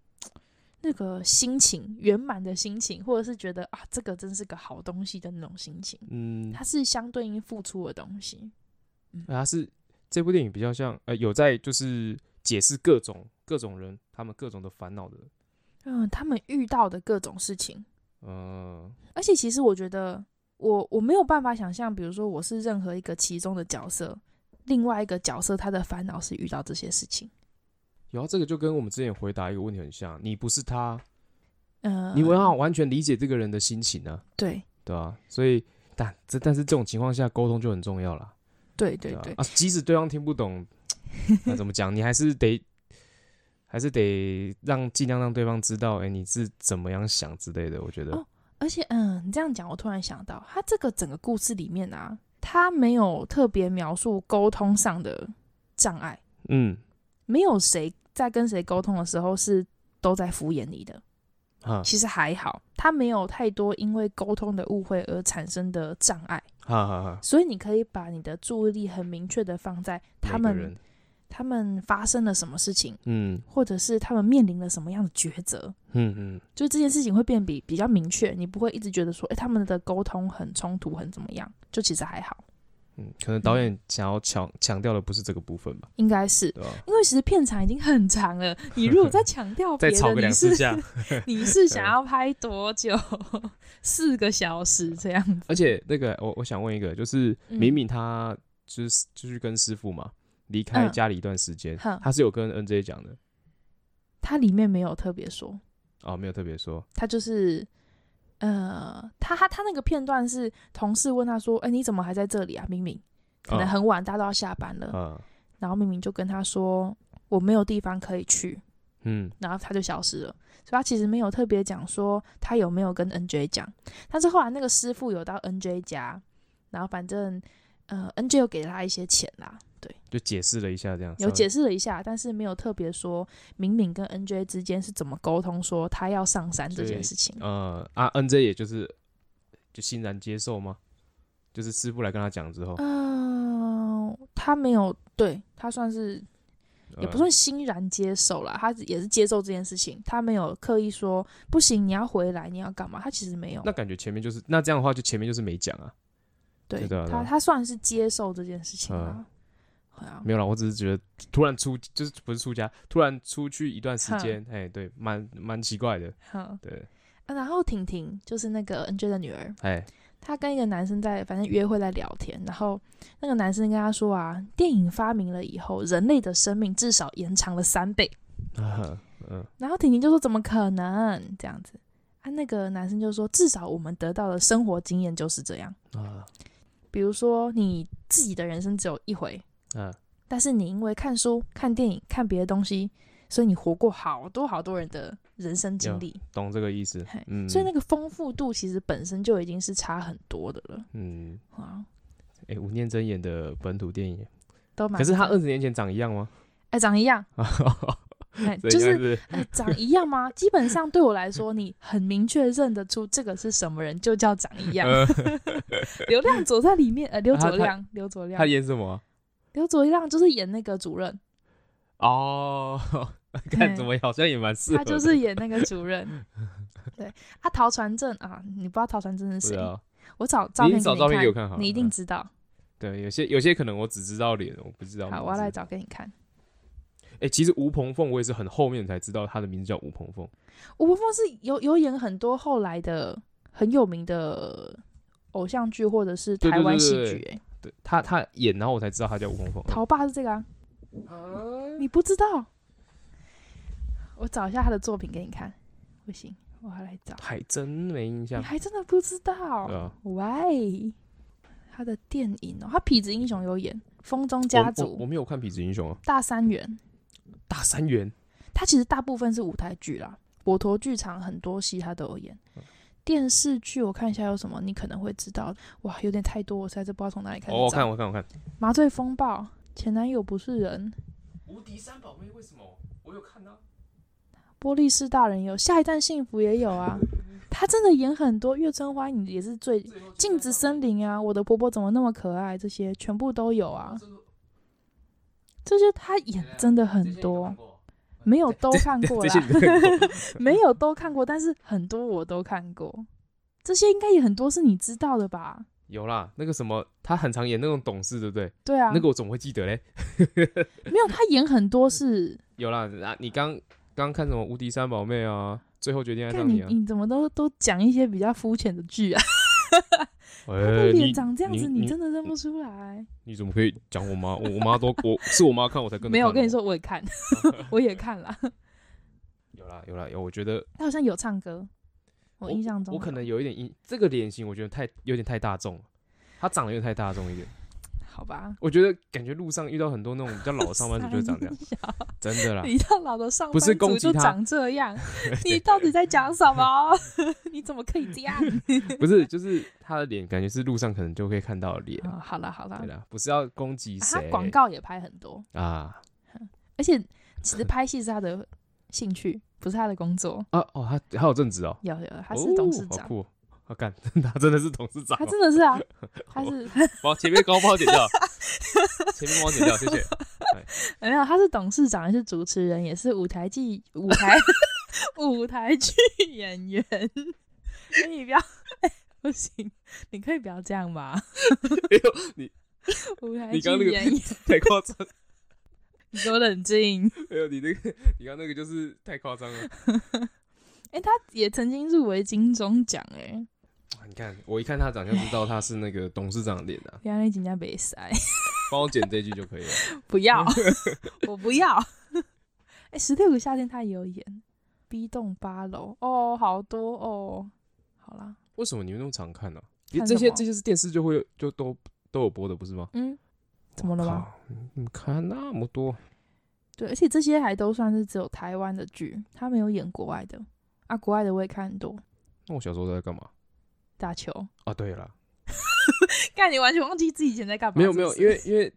那個心情，圓滿的心情，或者是覺得啊，這個真是個好東西的那種心情，嗯，它是相對應付出的東西，嗯，呃，它是這部電影比較像，呃，有在就是解釋各種各種人他們各種的煩惱的，嗯，他們遇到的各種事情，嗯，而且其實我覺得我我沒有辦法想象，比如說我是任何一個其中的角色，另外一個角色他的煩惱是遇到這些事情。然後這個就跟我們之前回答一個問題很像，你不是他，嗯、呃，你無法全理解這個人的心情呢、啊？對，對啊，所以，但這但是這種情況下溝通就很重要了，對對對，對啊，啊，即使對方聽不懂，那、啊、怎麼講？你還是得， 還是得讓儘量讓對方知道，哎、欸，你是怎麼樣想之類的。我覺得，哦、而且，嗯，你這樣講，我突然想到，他這個整個故事裡面啊，他沒有特別描述溝通上的障礙，嗯，沒有誰。在跟誰溝通的時候是都在敷衍你的。哈其實還好，他沒有太多因為溝通的誤會而產生的障礙。哈哈哈，所以你可以把你的注意力很明確的放在他們他們發生了什麼事情，嗯，或者是他們面臨了什麼樣的抉擇，嗯嗯，就這件事情會變比比較明確，你不會一直覺得說，哎、欸，他們的溝通很衝突，很怎麼樣，就其實還好。嗯，可能導演想要強強調的不是這個部分吧？應該是，因為其實片長，已經很長了，你如果再強調，再吵個兩次架，你是想要拍多久？四個小時這樣。而且那個，我我想問一個，就是敏敏他就是就是跟師父嘛，離開家裡一段時間，他是有跟 NJ 講的，他裡面沒有特別說，哦，沒有特別說，他就是。呃，他他他那個片段是同事問他說：“哎、欸，你怎麼還在這裡啊？明明可能很晚，大家都要下班了。” uh, uh. 然後明明就跟他說：“我沒有地方可以去。”嗯，然後他就消失了。所以他其實沒有特別講說他有沒有跟 NJ 講，但是後來那個師傅有到 NJ 家，然後反正。呃，NJ 又給他一些錢啦，對，就解釋了一下這樣，有解釋了一下，但是沒有特別說敏敏跟 NJ 之間是怎麼溝通說他要上山這件事情。呃，啊，NJ 也就是，就欣然接受嗎？就是師傅來跟他講之後，嗯、呃，他沒有，對，他算是，也不算欣然接受啦，嗯、他也是接受這件事情，他沒有刻意說不行，你要回來，你要幹嘛？他其實沒有，那感覺前面就是，那這樣的話，就前面就是沒講啊。對，對，對，對他，他算是接受這件事情了。啊呃啊、沒有啦，我只是覺得突然出就是不是出家，突然出去一段時間，哎哈，對，蠻蠻奇怪的。哈對、啊。然後婷婷就是那個 NJ 的女兒，哎、欸，她跟一個男生在，反正約會在聊天，然後那個男生跟她說啊，電影發明了以後，人類的生命至少延長了三倍。啊啊、然後婷婷就說：“怎麼可能這樣子？”啊、那個男生就說：“至少我們得到的生活經驗就是這樣。”啊。比如說，你自己的人生只有一回，嗯、啊，但是你因為看書、看電影、看別的東西，所以你活過好多好多人的人生經歷，懂這個意思？嘿嗯，所以那個豐富度其實本身就已經是差很多的了，嗯，啊 Wow，欸、吳念真演的本土電影都，可是他二十年前長一樣嗎？哎、欸，長一樣。 哎，就是，哎，長一樣嗎？基本上對我來說，你很明確認得出這個是什麼人，就叫長一樣。劉亮佐在裡面，呃，劉佐亮，劉佐亮，他演什麼？劉佐亮就是演那個主任。哦，看怎麼樣，好像也蠻適合。他就是演那個主任。對，他陶傳正啊，你不知道陶傳正是誰？我找照片給你看。你一定知道。對，有些有些可能我只知道臉，我不知道。好，我要來找給你看。哎、欸，其實吳鵬鳳，我也是很後面才知道他的名字叫吳鵬鳳。吳鵬鳳是有有演很多後來的很有名的偶像劇或者是台灣戲劇，哎，對他他演，然後我才知道他叫吳鵬鳳。陶爸是這個啊，啊，你不知道？我找一下他的作品給你看。不行，我要來找。還真沒印象，你還真的不知道？喂，啊，他的電影哦、喔，他痞子英雄有演《風中家族》，我我，我沒有看《痞子英雄》啊，《大三元》。大、啊、三元，他其實大部分是舞台劇啦，果陀劇場很多戲他都有演。嗯、電視劇我看一下有什麼，你可能會知道。哇，有點太多，我實在是不知道從哪裡開始、哦。我看，我看，我看。麻醉風暴，前男友不是人，無敵三寶妹為什麼我有看到、啊？波麗士大人有，下一站幸福也有啊。 他真的演很多，月春花你也是最，鏡子森林啊，我的婆婆怎麼那麼可愛？這些全部都有啊。我這些他演真的很多，對對對，沒有都看過啦，看過 沒有都看過，但是很多我都看過。這些應該也很多是你知道的吧？有啦，那個什麼，他很常演那種董事，對不對？對啊，那個我怎麼會記得嘞？ 沒有，他演很多是。有啦，你剛剛看什麼《無敵三寶妹》啊？最後決定愛上你。啊、你你怎麼都都講一些比較膚淺的劇啊？ 他臉長這樣子，你真的認不出來。欸、你，你，你，你，你怎麼可以講我媽？我媽都 我是我媽看我才跟沒有，我跟你說，我也看， 我也看了。有啦有啦有，我覺得他好像有唱歌。我印象中我我可能有一點印這個臉型，我覺得太有點太大眾了，他長得有點太大眾一點。好吧，我覺得感覺路上遇到很多那種比較老的上班族就，三小就長這樣，真的啦。比較老的上班族不是攻擊他長這樣， 你到底在講什麼？ 你怎麼可以這樣？ 不是，就是他的臉，感覺是路上可能就可以看到臉、哦。好了好了，不是要攻擊誰、啊？他廣告也拍很多啊，而且其實拍戲是他的興趣，不是他的工作啊。哦，他還有正職哦，有有，他是董事長。哦，好酷幹，他真的是董事長，啊。他真的是啊，他是，哦。把前面高拋剪掉， 前面高剪掉，謝謝。沒有，他是董事長，也是主持人，也是舞台劇舞台 舞台劇演員。所以你不要，欸，不行，你可以不要這樣吧。沒有，哎，你舞台劇演員你剛剛，那個，太誇張。你多冷靜。沒有，哎，你那個，你剛，剛那個就是太誇張了。哎，他也曾經入圍金鐘獎，哎。你看，我一看他長相，知道他是那個董事長臉的、啊。不要那幾句被塞，幫我剪這句就可以了。 不要， 我不要。哎、 欸，十六個夏天他也有演，B 棟八樓哦，oh, 好多哦、oh。好啦。為什麼你們那麼常看呢、啊？因為這些這些是電視就會就都都有播的，不是嗎？嗯，怎麼了嗎？你看那麼多，對，而且這些還都算是只有台灣的劇，他沒有演國外的啊。國外的我也看很多。那我小時候都在幹嘛？打球哦、啊，對了，看 你完全忘記自己以前在幹嘛。沒有沒有，因為因為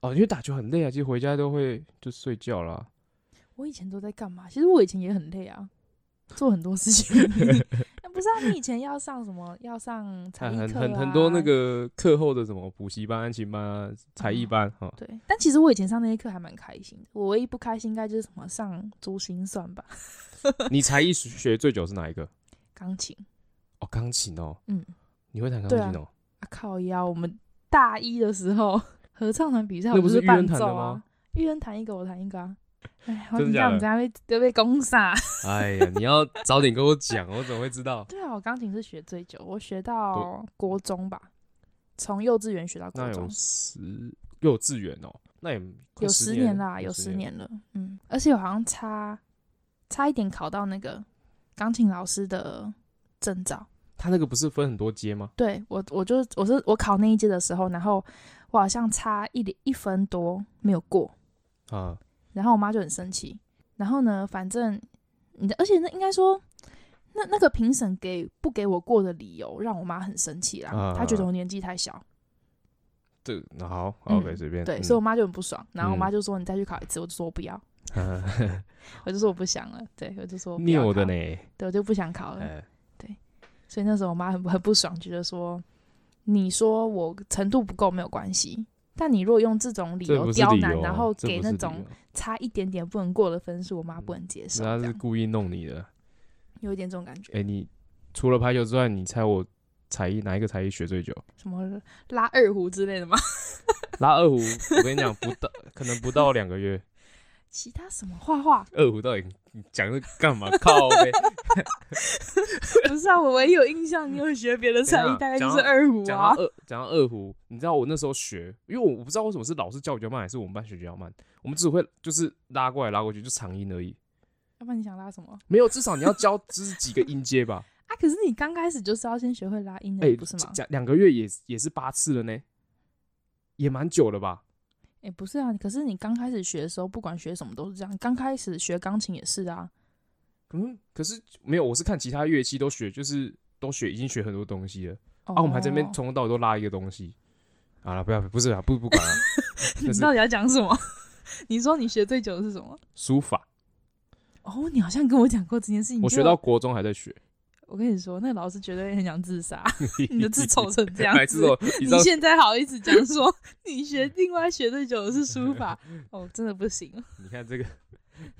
哦、喔，因為打球很累啊，其實回家都會就睡覺啦。我以前都在幹嘛？其實我以前也很累啊，做很多事情。 啊、不知道、啊、你以前要上什麼？要上才藝課、啊啊、很很很多那個課後的什麼補習班、鋼琴班、才藝班啊。班哦哦、對，但其實我以前上那些課還蠻開心的。我唯一不開心應該就是什麼上珠心算吧。 你才藝學最久是哪一個？鋼琴。哦，鋼、oh, 琴哦、喔，嗯，你會彈鋼琴哦、喔啊？啊，靠腰！我們大一的時候合唱團比賽，我 不是玉恩彈啊。的嗎？玉恩彈一個，我彈一個啊！哎，我講你這樣被都被攻殺。哎呀，你要早點跟我講， 我怎麼會知道？對啊，我鋼琴是學最久，我學到國中吧，從幼稚園學到國中，十幼稚園哦、喔，那也有十年啦，有十年了，嗯，而且我好像差差一點考到那個鋼琴老師的。證照，他那個不是分很多階嗎？對我，我就我是我考那一階的時候，然後我好像差一點一分多沒有過啊。然後我媽就很生氣。然後呢，反正你而且那應該說那那個評審給不給我過的理由，讓我媽很生氣啦。啊啊啊她覺得我年紀太小。對，那好，OK，隨便。嗯、對，所以我媽就很不爽。然後我媽就說：“你再去考一次。嗯”我就說：“不要。” 我就說：“我不想了。對”對我就說我不要考。”你有的呢。對我就不想考了。欸所以那時候我媽很很不爽，覺得說，你說我程度不夠沒有關係，但你如果用這種理由刁難，然後給那種差一點點不能過的分數，我媽不能接受。她是故意弄你的，有一點這種感覺。哎、欸，你除了排球之外，你猜我才藝哪一個才藝學最久？什麼拉二胡之類的嗎？ 拉二胡，我跟你講，不到 可能不到兩個月。其他什麼畫畫？二胡到底講是幹嘛？靠！不是啊，我有印象，你有學別的才藝，大概就是二胡啊。講、嗯、講到，講到二，講到二胡，你知道我那時候學，因為我我不知道為什麼是老師教比較慢，還是我們班學比較慢。我們只會就是拉過來拉過去，就長音而已。要不然你想拉什麼？沒有，至少你要教就是幾個音階吧。 啊，可是你剛開始就是要先學會拉音的，欸、不是嗎？講兩個月也也是八次了呢，也蠻久了吧？哎，欸、不是啊！可是你剛開始學的時候，不管學什麼都是這樣。剛開始學鋼琴也是啊。嗯，可是沒有，我是看其他樂器都學，就是都學，已經學很多東西了、oh. 啊。我們還在那邊從頭到尾都拉一個東西。好、啊、了，不要，不是啊，不不管了。 是你知道你要講什麼？你說你學最久的是什麼？書法。哦，oh, 你好像跟我講過這件事情。我學到國中還在學。我跟你說，那個、老師絕對很想自殺。 你的字醜成這樣子， 你現在好意思這樣說？ 你學另外學得久的是書法。哦、oh，真的不行。你看這個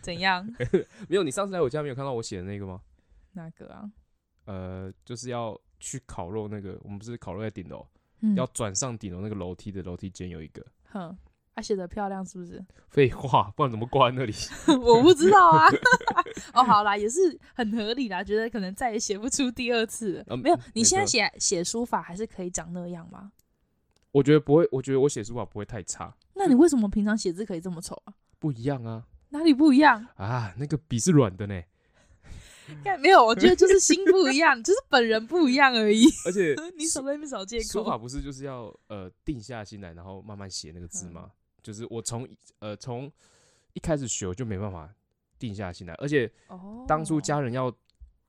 怎樣？ 沒有，你上次來我家沒有看到我寫的那個嗎？哪個啊？呃，就是要去烤肉那個，我們不是烤肉在頂樓，嗯、要轉上頂樓那個樓梯的樓梯間有一個。他寫的漂亮，是不是？廢話，不然怎麼掛在那裡？ 我不知道啊。 哦，好啦，也是很合理啦。覺得可能再也寫不出第二次。嗯、沒有，你現在寫寫錯書法還是可以長那樣嗎？我覺得不會，我覺得我寫書法不會太差。 那你為什麼平常寫字可以這麼醜啊？不一樣啊？哪裡不一樣啊？那個筆是軟的呢 沒有，我覺得就是心不一樣， 就是本人不一樣而已。而且 你少在那邊找借口。書法不是就是要呃定下心來，然後慢慢寫那個字嗎？嗯就是我從呃從一開始學我就沒辦法定下心來，而且當初家人要、哦、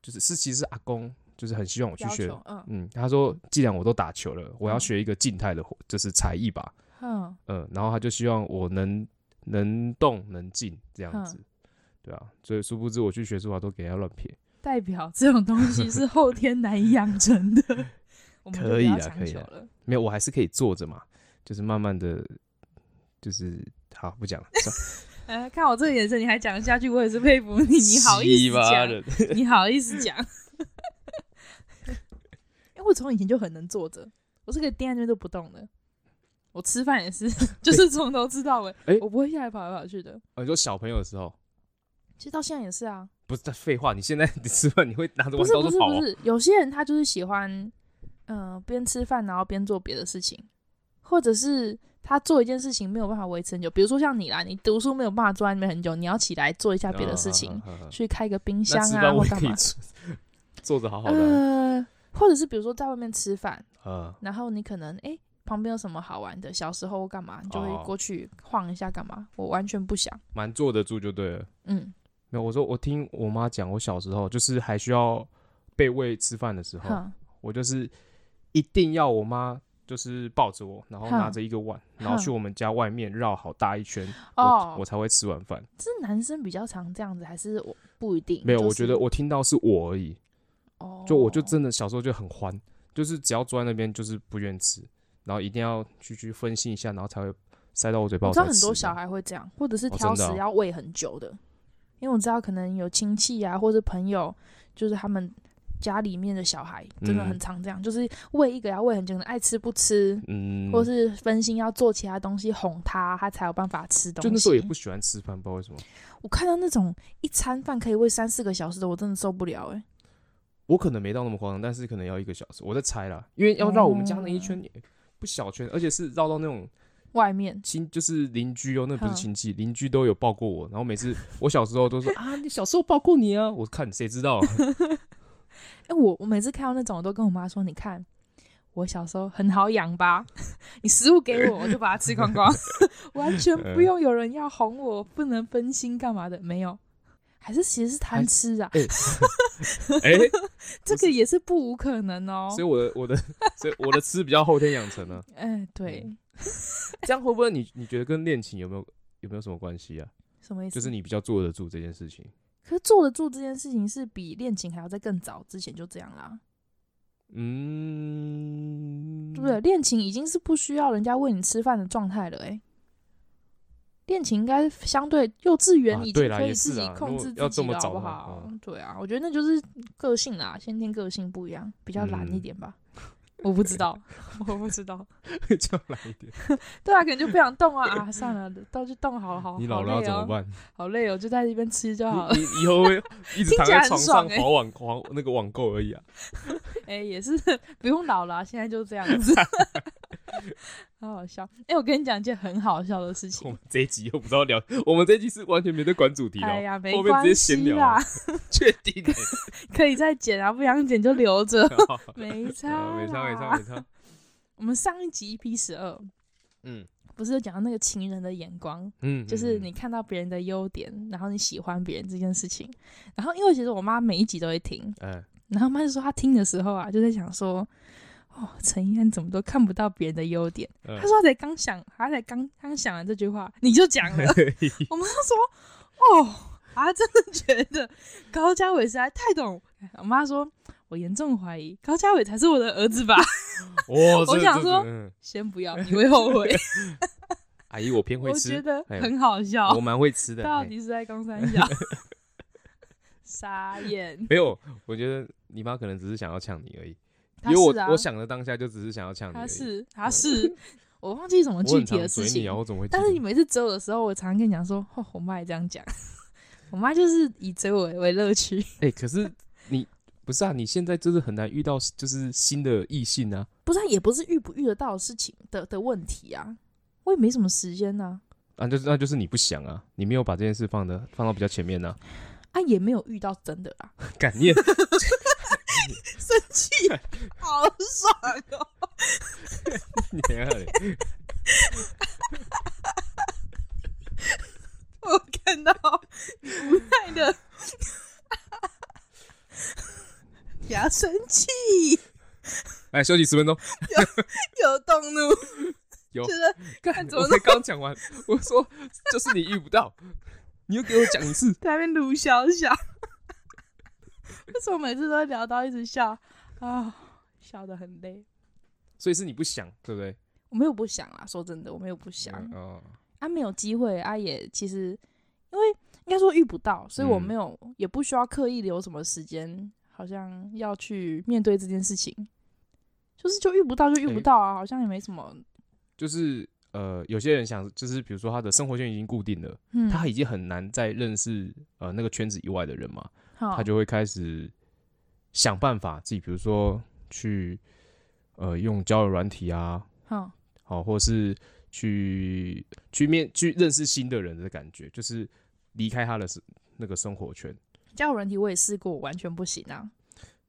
就是是其實是阿公就是很希望我去學，嗯，嗯，他說、嗯、既然我都打球了，我要學一個靜態的，嗯、就是才藝吧，嗯，嗯，然後他就希望我能能動能靜這樣子，嗯、對啊，所以殊不知我去學書法、啊、都給他亂撇，代表這種東西是後天難以養成的， 可以啦了可以，可以了，沒有我還是可以坐着嘛，就是慢慢的。就是好不講了，哎 呃，看我這個眼神，你還講得下去？我也是佩服你，你好意思講？巴 你好意思講？ 因為我從以前就很能坐着，我這個坐在那邊都不動的。我吃飯也是，就是從頭吃到尾。哎、欸，我不會下來跑來跑去的。我、欸啊、說小朋友的時候，其實到現在也是啊。不是廢話，你現在你吃飯你會拿着碗到處跑？哦？不是不是不是，有些人他就是喜歡，嗯、呃，邊吃飯然後邊做別的事情，或者是。他做一件事情沒有辦法維持很久。比如說像你啦，你讀書沒有辦法坐在那邊很久，你要起來做一下別的事情，啊啊啊啊、去開個冰箱啊，我或幹嘛。坐着好好的、啊呃，或者是比如說在外面吃飯，啊、然後你可能哎、欸、旁邊有什麼好玩的，小時候幹嘛，你就會過去晃一下幹嘛。啊、我完全不想，蠻坐得住就對了。嗯，沒有，我說我聽我媽講，我小時候就是還需要被餵吃飯的時候，嗯、我就是一定要我媽。就是抱着我，然後拿着一個碗，哼然後去我們家外面繞好大一圈，哼我、oh, 我才會吃完飯。這是男生比較常這樣子，還是我不一定？沒有，就是、我覺得我聽到是我而已。哦，就我就真的小時候就很歡，oh. 就是只要坐在那邊就是不願意吃，然後一定要去去分析一下，然後才會塞到我嘴巴我。我知道很多小孩會這樣，或者是挑食要餵很久的，oh, 的啊、因為我知道可能有親戚呀、啊、或者朋友，就是他們。家裡面的小孩真的很常這樣，嗯、就是餵一個要餵很久，愛吃不吃，嗯、或是分心要做其他東西哄他，他才有辦法吃東西。就那時候也不喜歡吃飯，不知道為什麼。我看到那種一餐飯可以餵三四個小時的，我真的受不了哎、欸。我可能沒到那麼誇張，但是可能要一個小時，我在猜啦，因為要繞我們家那一圈、哦、不小圈，而且是繞到那種外面親，就是鄰居哦、喔，那不是親戚，鄰好居都有抱過我，然後每次我小時候都說 啊，你小時候抱過你啊，我看誰知道、啊。 欸、我我每次看到那種，我都跟我媽說：“你看，我小時候很好養吧？ 你食物給我，我就把它吃光光， 完全不用有人要哄我，不能分心幹嘛的，沒有。還是其實是貪吃啊？哎，這個也是不無可能哦、喔。所以我的我的，所以我的吃比較後天養成呢。哎、欸，對，嗯、 這樣會不會你你覺得跟戀情有沒有有沒有什麼關係啊？什麼意思？就是你比較坐得住這件事情。可是坐得住這件事情，是比練琴還要在更早之前就這樣啦、啊嗯啊。嗯，對不對？練琴已經是不需要人家餵你吃飯的狀態了、欸。哎，練琴應該相對幼稚園，你就可以自己控制自己，啊、好不好？對啊，我覺得那就是個性啦，先天個性不一樣，比較懶一點吧。嗯我不知道，我不知道， 就來一點。 對啊，可能就不想動啊，啊。算了，動就動好了，好，好好哦，你老了要怎麼辦？好累哦，就在那邊吃就好了。以，以後會一直躺在床上，跑、欸、網網那個網購而已啊。哎、 欸，也是不用老了，啊，現在就是這樣子。 好好笑！哎、欸，我跟你講一件很好笑的事情。我們這一集又不知道聊，我們這一集是完全沒在管主題的。哎呀，沒關係，後面直接閒聊啊。確 定、欸、可以再剪啊，然後不想剪就留着好、嗯，沒差，沒差，沒差。沒我們上一集 P 十二，12, 嗯，不是有講到那個情人的眼光，嗯、嗯、嗯，就是你看到別人的優點，然後你喜歡別人這件事情。然後因為其實我媽每一集都會聽，嗯，然後媽就說她聽的時候啊，就在想說。哦，陳一怎麼都看不到別人的優點。嗯、他說他：“才剛想，他才剛剛講完這句話，你就講了。” 我媽說：“哦，啊，真的覺得高嘉偉實在太懂。” 我媽說：“我嚴重懷疑高嘉偉才是我的兒子吧？”哦、我想說，嗯、先不要，你會後悔。 阿姨，我偏會吃，我覺得很好笑。我蠻會吃的。到底是在公三小傻眼？沒有，我覺得你媽可能只是想要嗆你而已。因為我，啊、我想的當下就只是想要嗆你。他是，他是， 我忘記什麼具體的事情。你，然後怎麼會，但是你每次追我的時候，我常常跟你講說：“哦，我媽也這樣講。 ”我媽就是以追我為樂趣。哎、欸，可是你不是啊？你現在就是很難遇到就是新的異性啊。不是、啊，也不是遇不遇得到的事情的的問題啊。我也沒什麼時間吶、啊。啊，就是那就是你不想啊，你沒有把這件事放的放到比較前面呢、啊。啊，也沒有遇到真的啊。感念。 生氣，好爽哦！你 我看到無奈的，不要生氣。來、欸、休息十分鐘 ，有有動怒，有覺得看，我才剛講完，我說就是你遇不到，你又給我講一次。他在那邊盧小小。可 是我每次都在聊到一直笑啊、哦，笑得很累，所以是你不想，對不對？我沒有不想啊，說真的，我沒有不想。呃哦、啊，沒有機會啊也，也其實因為應該說遇不到，所以我沒有，嗯、也不需要刻意留什麼時間，好像要去面對這件事情。就是就遇不到就遇不到啊，欸、好像也沒什麼。就是呃，有些人想，就是比如說他的生活圈已經固定了，嗯、他已經很難再認識呃那個圈子以外的人嘛。他就會開始想辦法自己，比如說去呃用交友軟體啊，好，好，或是去去面去認識新的人的感覺，就是離開他的生那個生活圈。交友軟體我也試過，完全不行啊！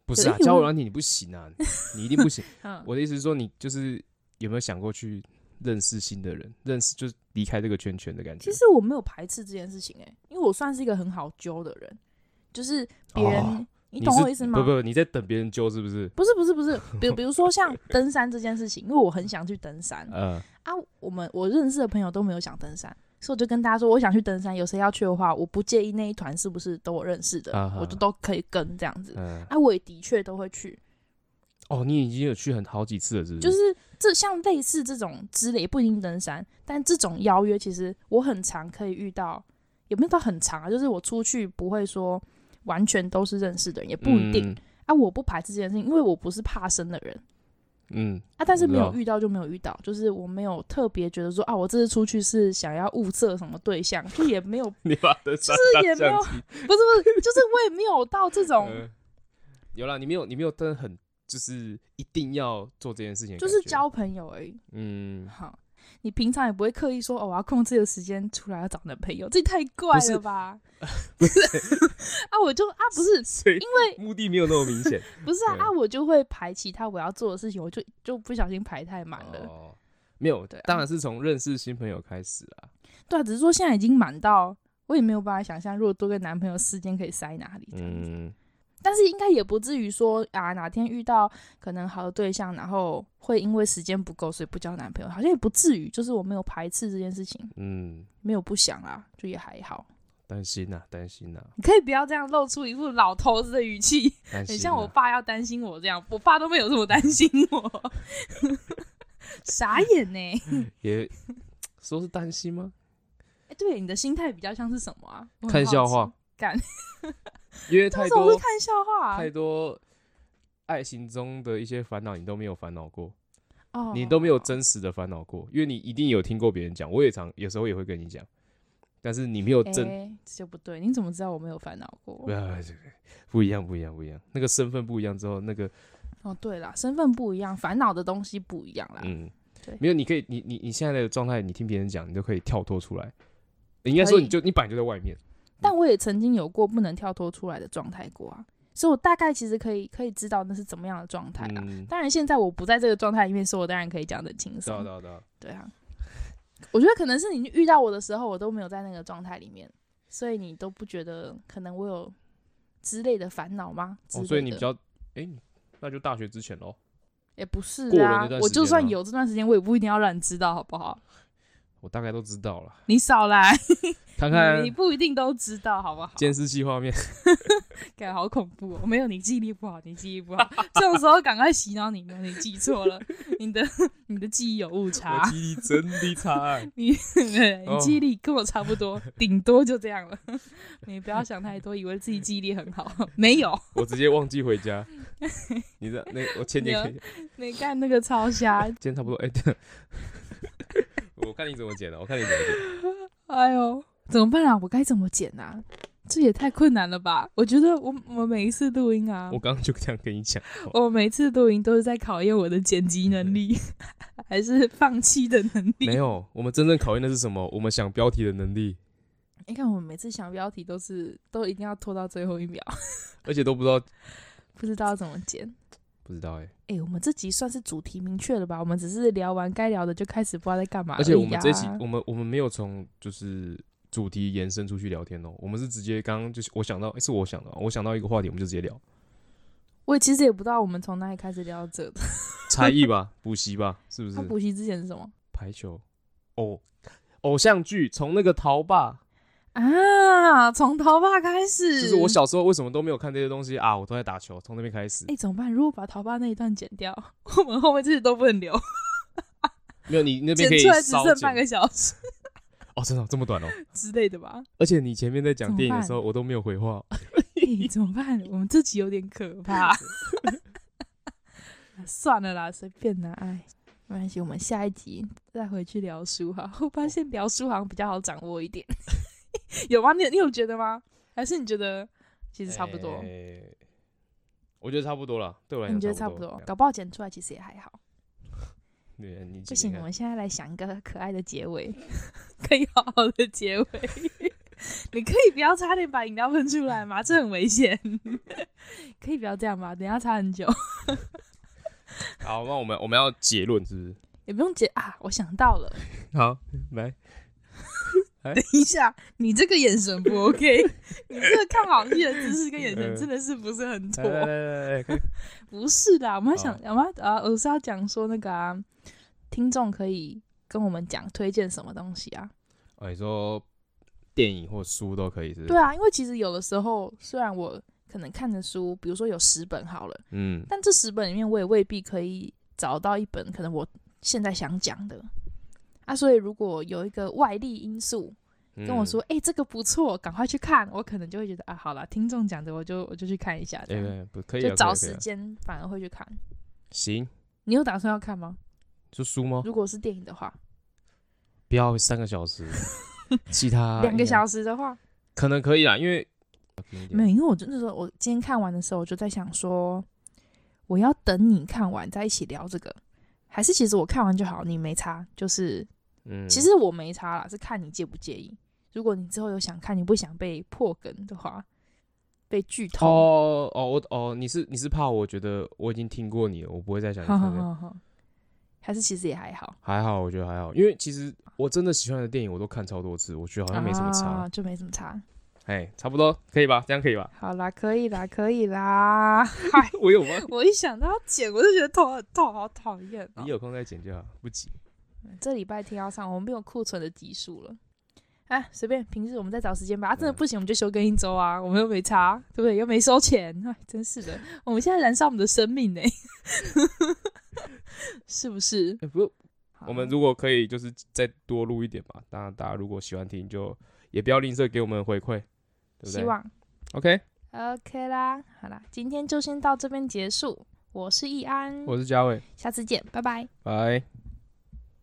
不是啊，交友軟體你不行啊， 你一定不行。 我的意思是說，你就是有沒有想過去認識新的人，認識就是離開這個圈圈的感覺。其實我沒有排斥這件事情誒、欸，因為我算是一個很好揪的人。就是別人，哦、你懂我意思嗎？不，不不，你在等別人揪是不是？不是不是不是，比如比如說像登山這件事情， 因為我很想去登山。嗯啊，我們我認識的朋友都沒有想登山，所以我就跟大家說，我想去登山，有誰要去的話，我不介意那一團是不是都我認識的，啊、哈我就都可以跟這樣子。嗯、啊，我也的確都會去。哦，你已經有去很好幾次了，是不是？就是這像類似這種之類不一定登山，但這種邀約其實我很常可以遇到，有沒有到很常啊？就是我出去不會說。完全都是認識的人，也不一定、嗯、啊！我不排斥這件事情，因為我不是怕生的人，嗯啊，但是沒有遇到就沒有遇到，就是我沒有特別覺得說啊，我這次出去是想要物色什麼對象，也沒有， 就是也沒有，不是不是，就是我也沒有到這種， 呃、有啦，你沒有，你沒有，真的很就是一定要做這件事情，就是交朋友而已，嗯，好。你平常也不會刻意說，哦，我要控制的時間出來要找男朋友，這太怪了吧？不是啊，我就啊，不是因為目的沒有那麼明顯， 不是啊對啊，我就會排其他我要做的事情，我就就不小心排太滿了。哦，沒有的，當然是從認識新朋友開始啦啊。對啊，只是說現在已經滿到我也沒有辦法想象，如果多個男朋友，時間可以塞哪裡？嗯。但是應該也不至於說啊，哪天遇到可能好的對象，然後會因為時間不夠，所以不交男朋友，好像也不至於。就是我沒有排斥這件事情，嗯，沒有不想啊，就也還好。擔心吶、啊，擔心吶、啊。你可以不要這樣露出一副老頭子的語氣，很、啊欸、像我爸要擔心我這樣。我爸都沒有這麼擔心我， 傻眼呢、欸。也說是擔心嗎？哎、欸，對你的心態比較像是什麼啊？看笑話。幹因為太多，太多愛情中的一些煩惱，你都沒有煩惱過哦，oh. 你都沒有真實的煩惱過，因為你一定有聽過別人講，我也常有時候也會跟你講，但是你沒有真、欸，這就不對。你怎麼知道我沒有煩惱過、啊不？不一樣，不一樣，不一樣。那個身份不一樣之後，那個哦，oh, 對啦，身份不一樣，煩惱的東西不一樣啦。嗯，對沒有，你可以，你你你現在的狀態，你聽別人講，你都可以跳脫出來。欸、應該說，你就以你本來就在外面。但我也曾經有過不能跳脫出來的狀態過啊，所以我大概其實可以可以知道那是怎麼樣的狀態啊。嗯，當然現在我不在這個狀態裡面，是我當然可以講得輕鬆。對了對了對了，對啊。我覺得可能是你遇到我的時候，我都沒有在那個狀態裡面，所以你都不覺得可能我有之類的煩惱嗎？之類的。哦，所以你比較，誒，那就大學之前咯。也不是啊，啊我就算有這段時間，我也不一定要讓你知道，好不好？我大概都知道了，你少來，看 看，你不一定都知道，好不好？監視器畫面，感覺 好恐怖哦、喔！沒有，你記憶力不好，你記憶力不好， 這種時候趕快洗腦你呢？你記錯了，你的你的記憶有誤差，我記憶力真的差， 你你記憶力跟我差不多，頂、哦、多就這樣了。你不要想太多，以為自己記憶力很好， 沒有。 我直接忘記回家，你的那個、我前天沒幹那個超瞎， 今天差不多哎。欸我看你怎麼剪的，我看你怎麼剪了。哎呦，怎麼辦啊？我該怎麼剪啊？這也太困難了吧？我覺得我我每一次錄音啊，我剛剛就這樣跟你講，喔、我每次錄音都是在考驗我的剪輯能力，對還是放棄的能力？沒有，我們真正考驗的是什麼？我們想標題的能力。你看，我們每次想標題都是都一定要拖到最後一秒，而且都不知道不知道怎麼剪。不知道哎、欸，哎、欸，我們這集算是主題明確了吧？我們只是聊完該聊的，就開始不知道在幹嘛而已啊。而且我們這期我們我們沒有從就是主題延伸出去聊天哦，我們是直接剛剛就是我想到，欸、是我想的啊，我想到一個話題，我們就直接聊。我也其實也不知道我們從哪裡開始聊到這的，才藝吧，補習 吧，是不是？他補習之前是什麼？排球，哦，偶像劇，從那個桃霸《逃吧》。啊！從桃爸開始，就是我小時候為什麼都沒有看這些東西啊？我都在打球，從那邊開始。哎、欸，怎麼辦？如果把桃爸那一段剪掉，我們後面這些都不能聊。 沒有，你那邊剪，剪出來只剩半個小時。 哦，真的，哦、這麼短哦？之類的吧。而且你前面在講電影的時候，我都沒有回話。哎、 欸，怎麼辦？我們這集有點可怕。 啊、算了啦，隨便啦，啊，哎，沒關係，我們下一集再回去聊書哈。我發現聊書好像比較好掌握一點。 有嗎？你有你有覺得嗎？還是你覺得其實差不多？欸、我覺得差不多了，對我來、欸、你覺得差不多？搞不好剪出來其實也還好。對、嗯，你不行。我們現在來想一個可愛的結尾，可以好好的結尾。 你可以不要差點把飲料噴出來嗎？這很危險。 可以不要這樣嗎？等下擦很久。 好，那我們我們要結論是不是？也不用結啊，我想到了。好，來。欸、等一下，你這個眼神不 OK， 你這個看好戲的姿勢跟眼神真的是不是很錯 不是的，我們想，要們、哦、啊，我是要講說那個啊，聽眾可以跟我們講推薦什麼東西啊、哦？你說電影或書都可以是不是？對啊，因為其實有的時候，雖然我可能看的書，比如說有十本好了，嗯，但這十本裡面，我也未必可以找到一本可能我現在想講的。啊，所以如果有一個外力因素跟我說：“哎、嗯欸，這個不錯，趕快去看。”我可能就會覺得啊，好了，聽眾講的，我就我就去看一下，對、欸欸，不可以，就找時間反而會去看。行，你有打算要看嗎？就書嗎？如果是電影的話，不要三個小時， 其他兩個小時的話，可能可以啦。因為、啊、沒，有沒有，因為我真的說我今天看完的時候，我就在想說，我要等你看完再一起聊這個。還是其實我看完就好，你沒差，就是，嗯，其實我沒差啦，是看你介不介意。如果你之後有想看，你不想被破梗的話，被劇透。哦哦，我哦，哦，哦，你是你是怕我覺得我已經聽過你了，我不會再想看，哦哦。還是其實也還好，還好，我覺得還好，因為其實我真的喜歡的電影我都看超多次，我覺得好像沒什麼差，啊、就沒什麼差。哎、欸，差不多可以吧？這樣可以吧？好啦，可以啦，可以啦！嗨，我有嗎？我一想到要剪，我就覺得頭很痛，好討厭、喔、你有空再剪就好，不急、嗯。這禮拜天要上，我們沒有庫存的集數了。哎、啊，隨便，平時我們再找時間吧。嗯、啊，真的不行，我們就休更一周啊！我們又沒差，對不對？又沒收錢，哎、啊，真是的，我們現在燃燒我們的生命呢、欸， 是不是？哎、欸，不用。好我們如果可以，就是再多錄一點吧。當然，大家如果喜歡聽，就也不要吝嗇給我們回饋。對對，希望，OK OK 啦，好啦，今天就先到這邊結束。我是易安，我是佳偉，下次見，拜拜，拜。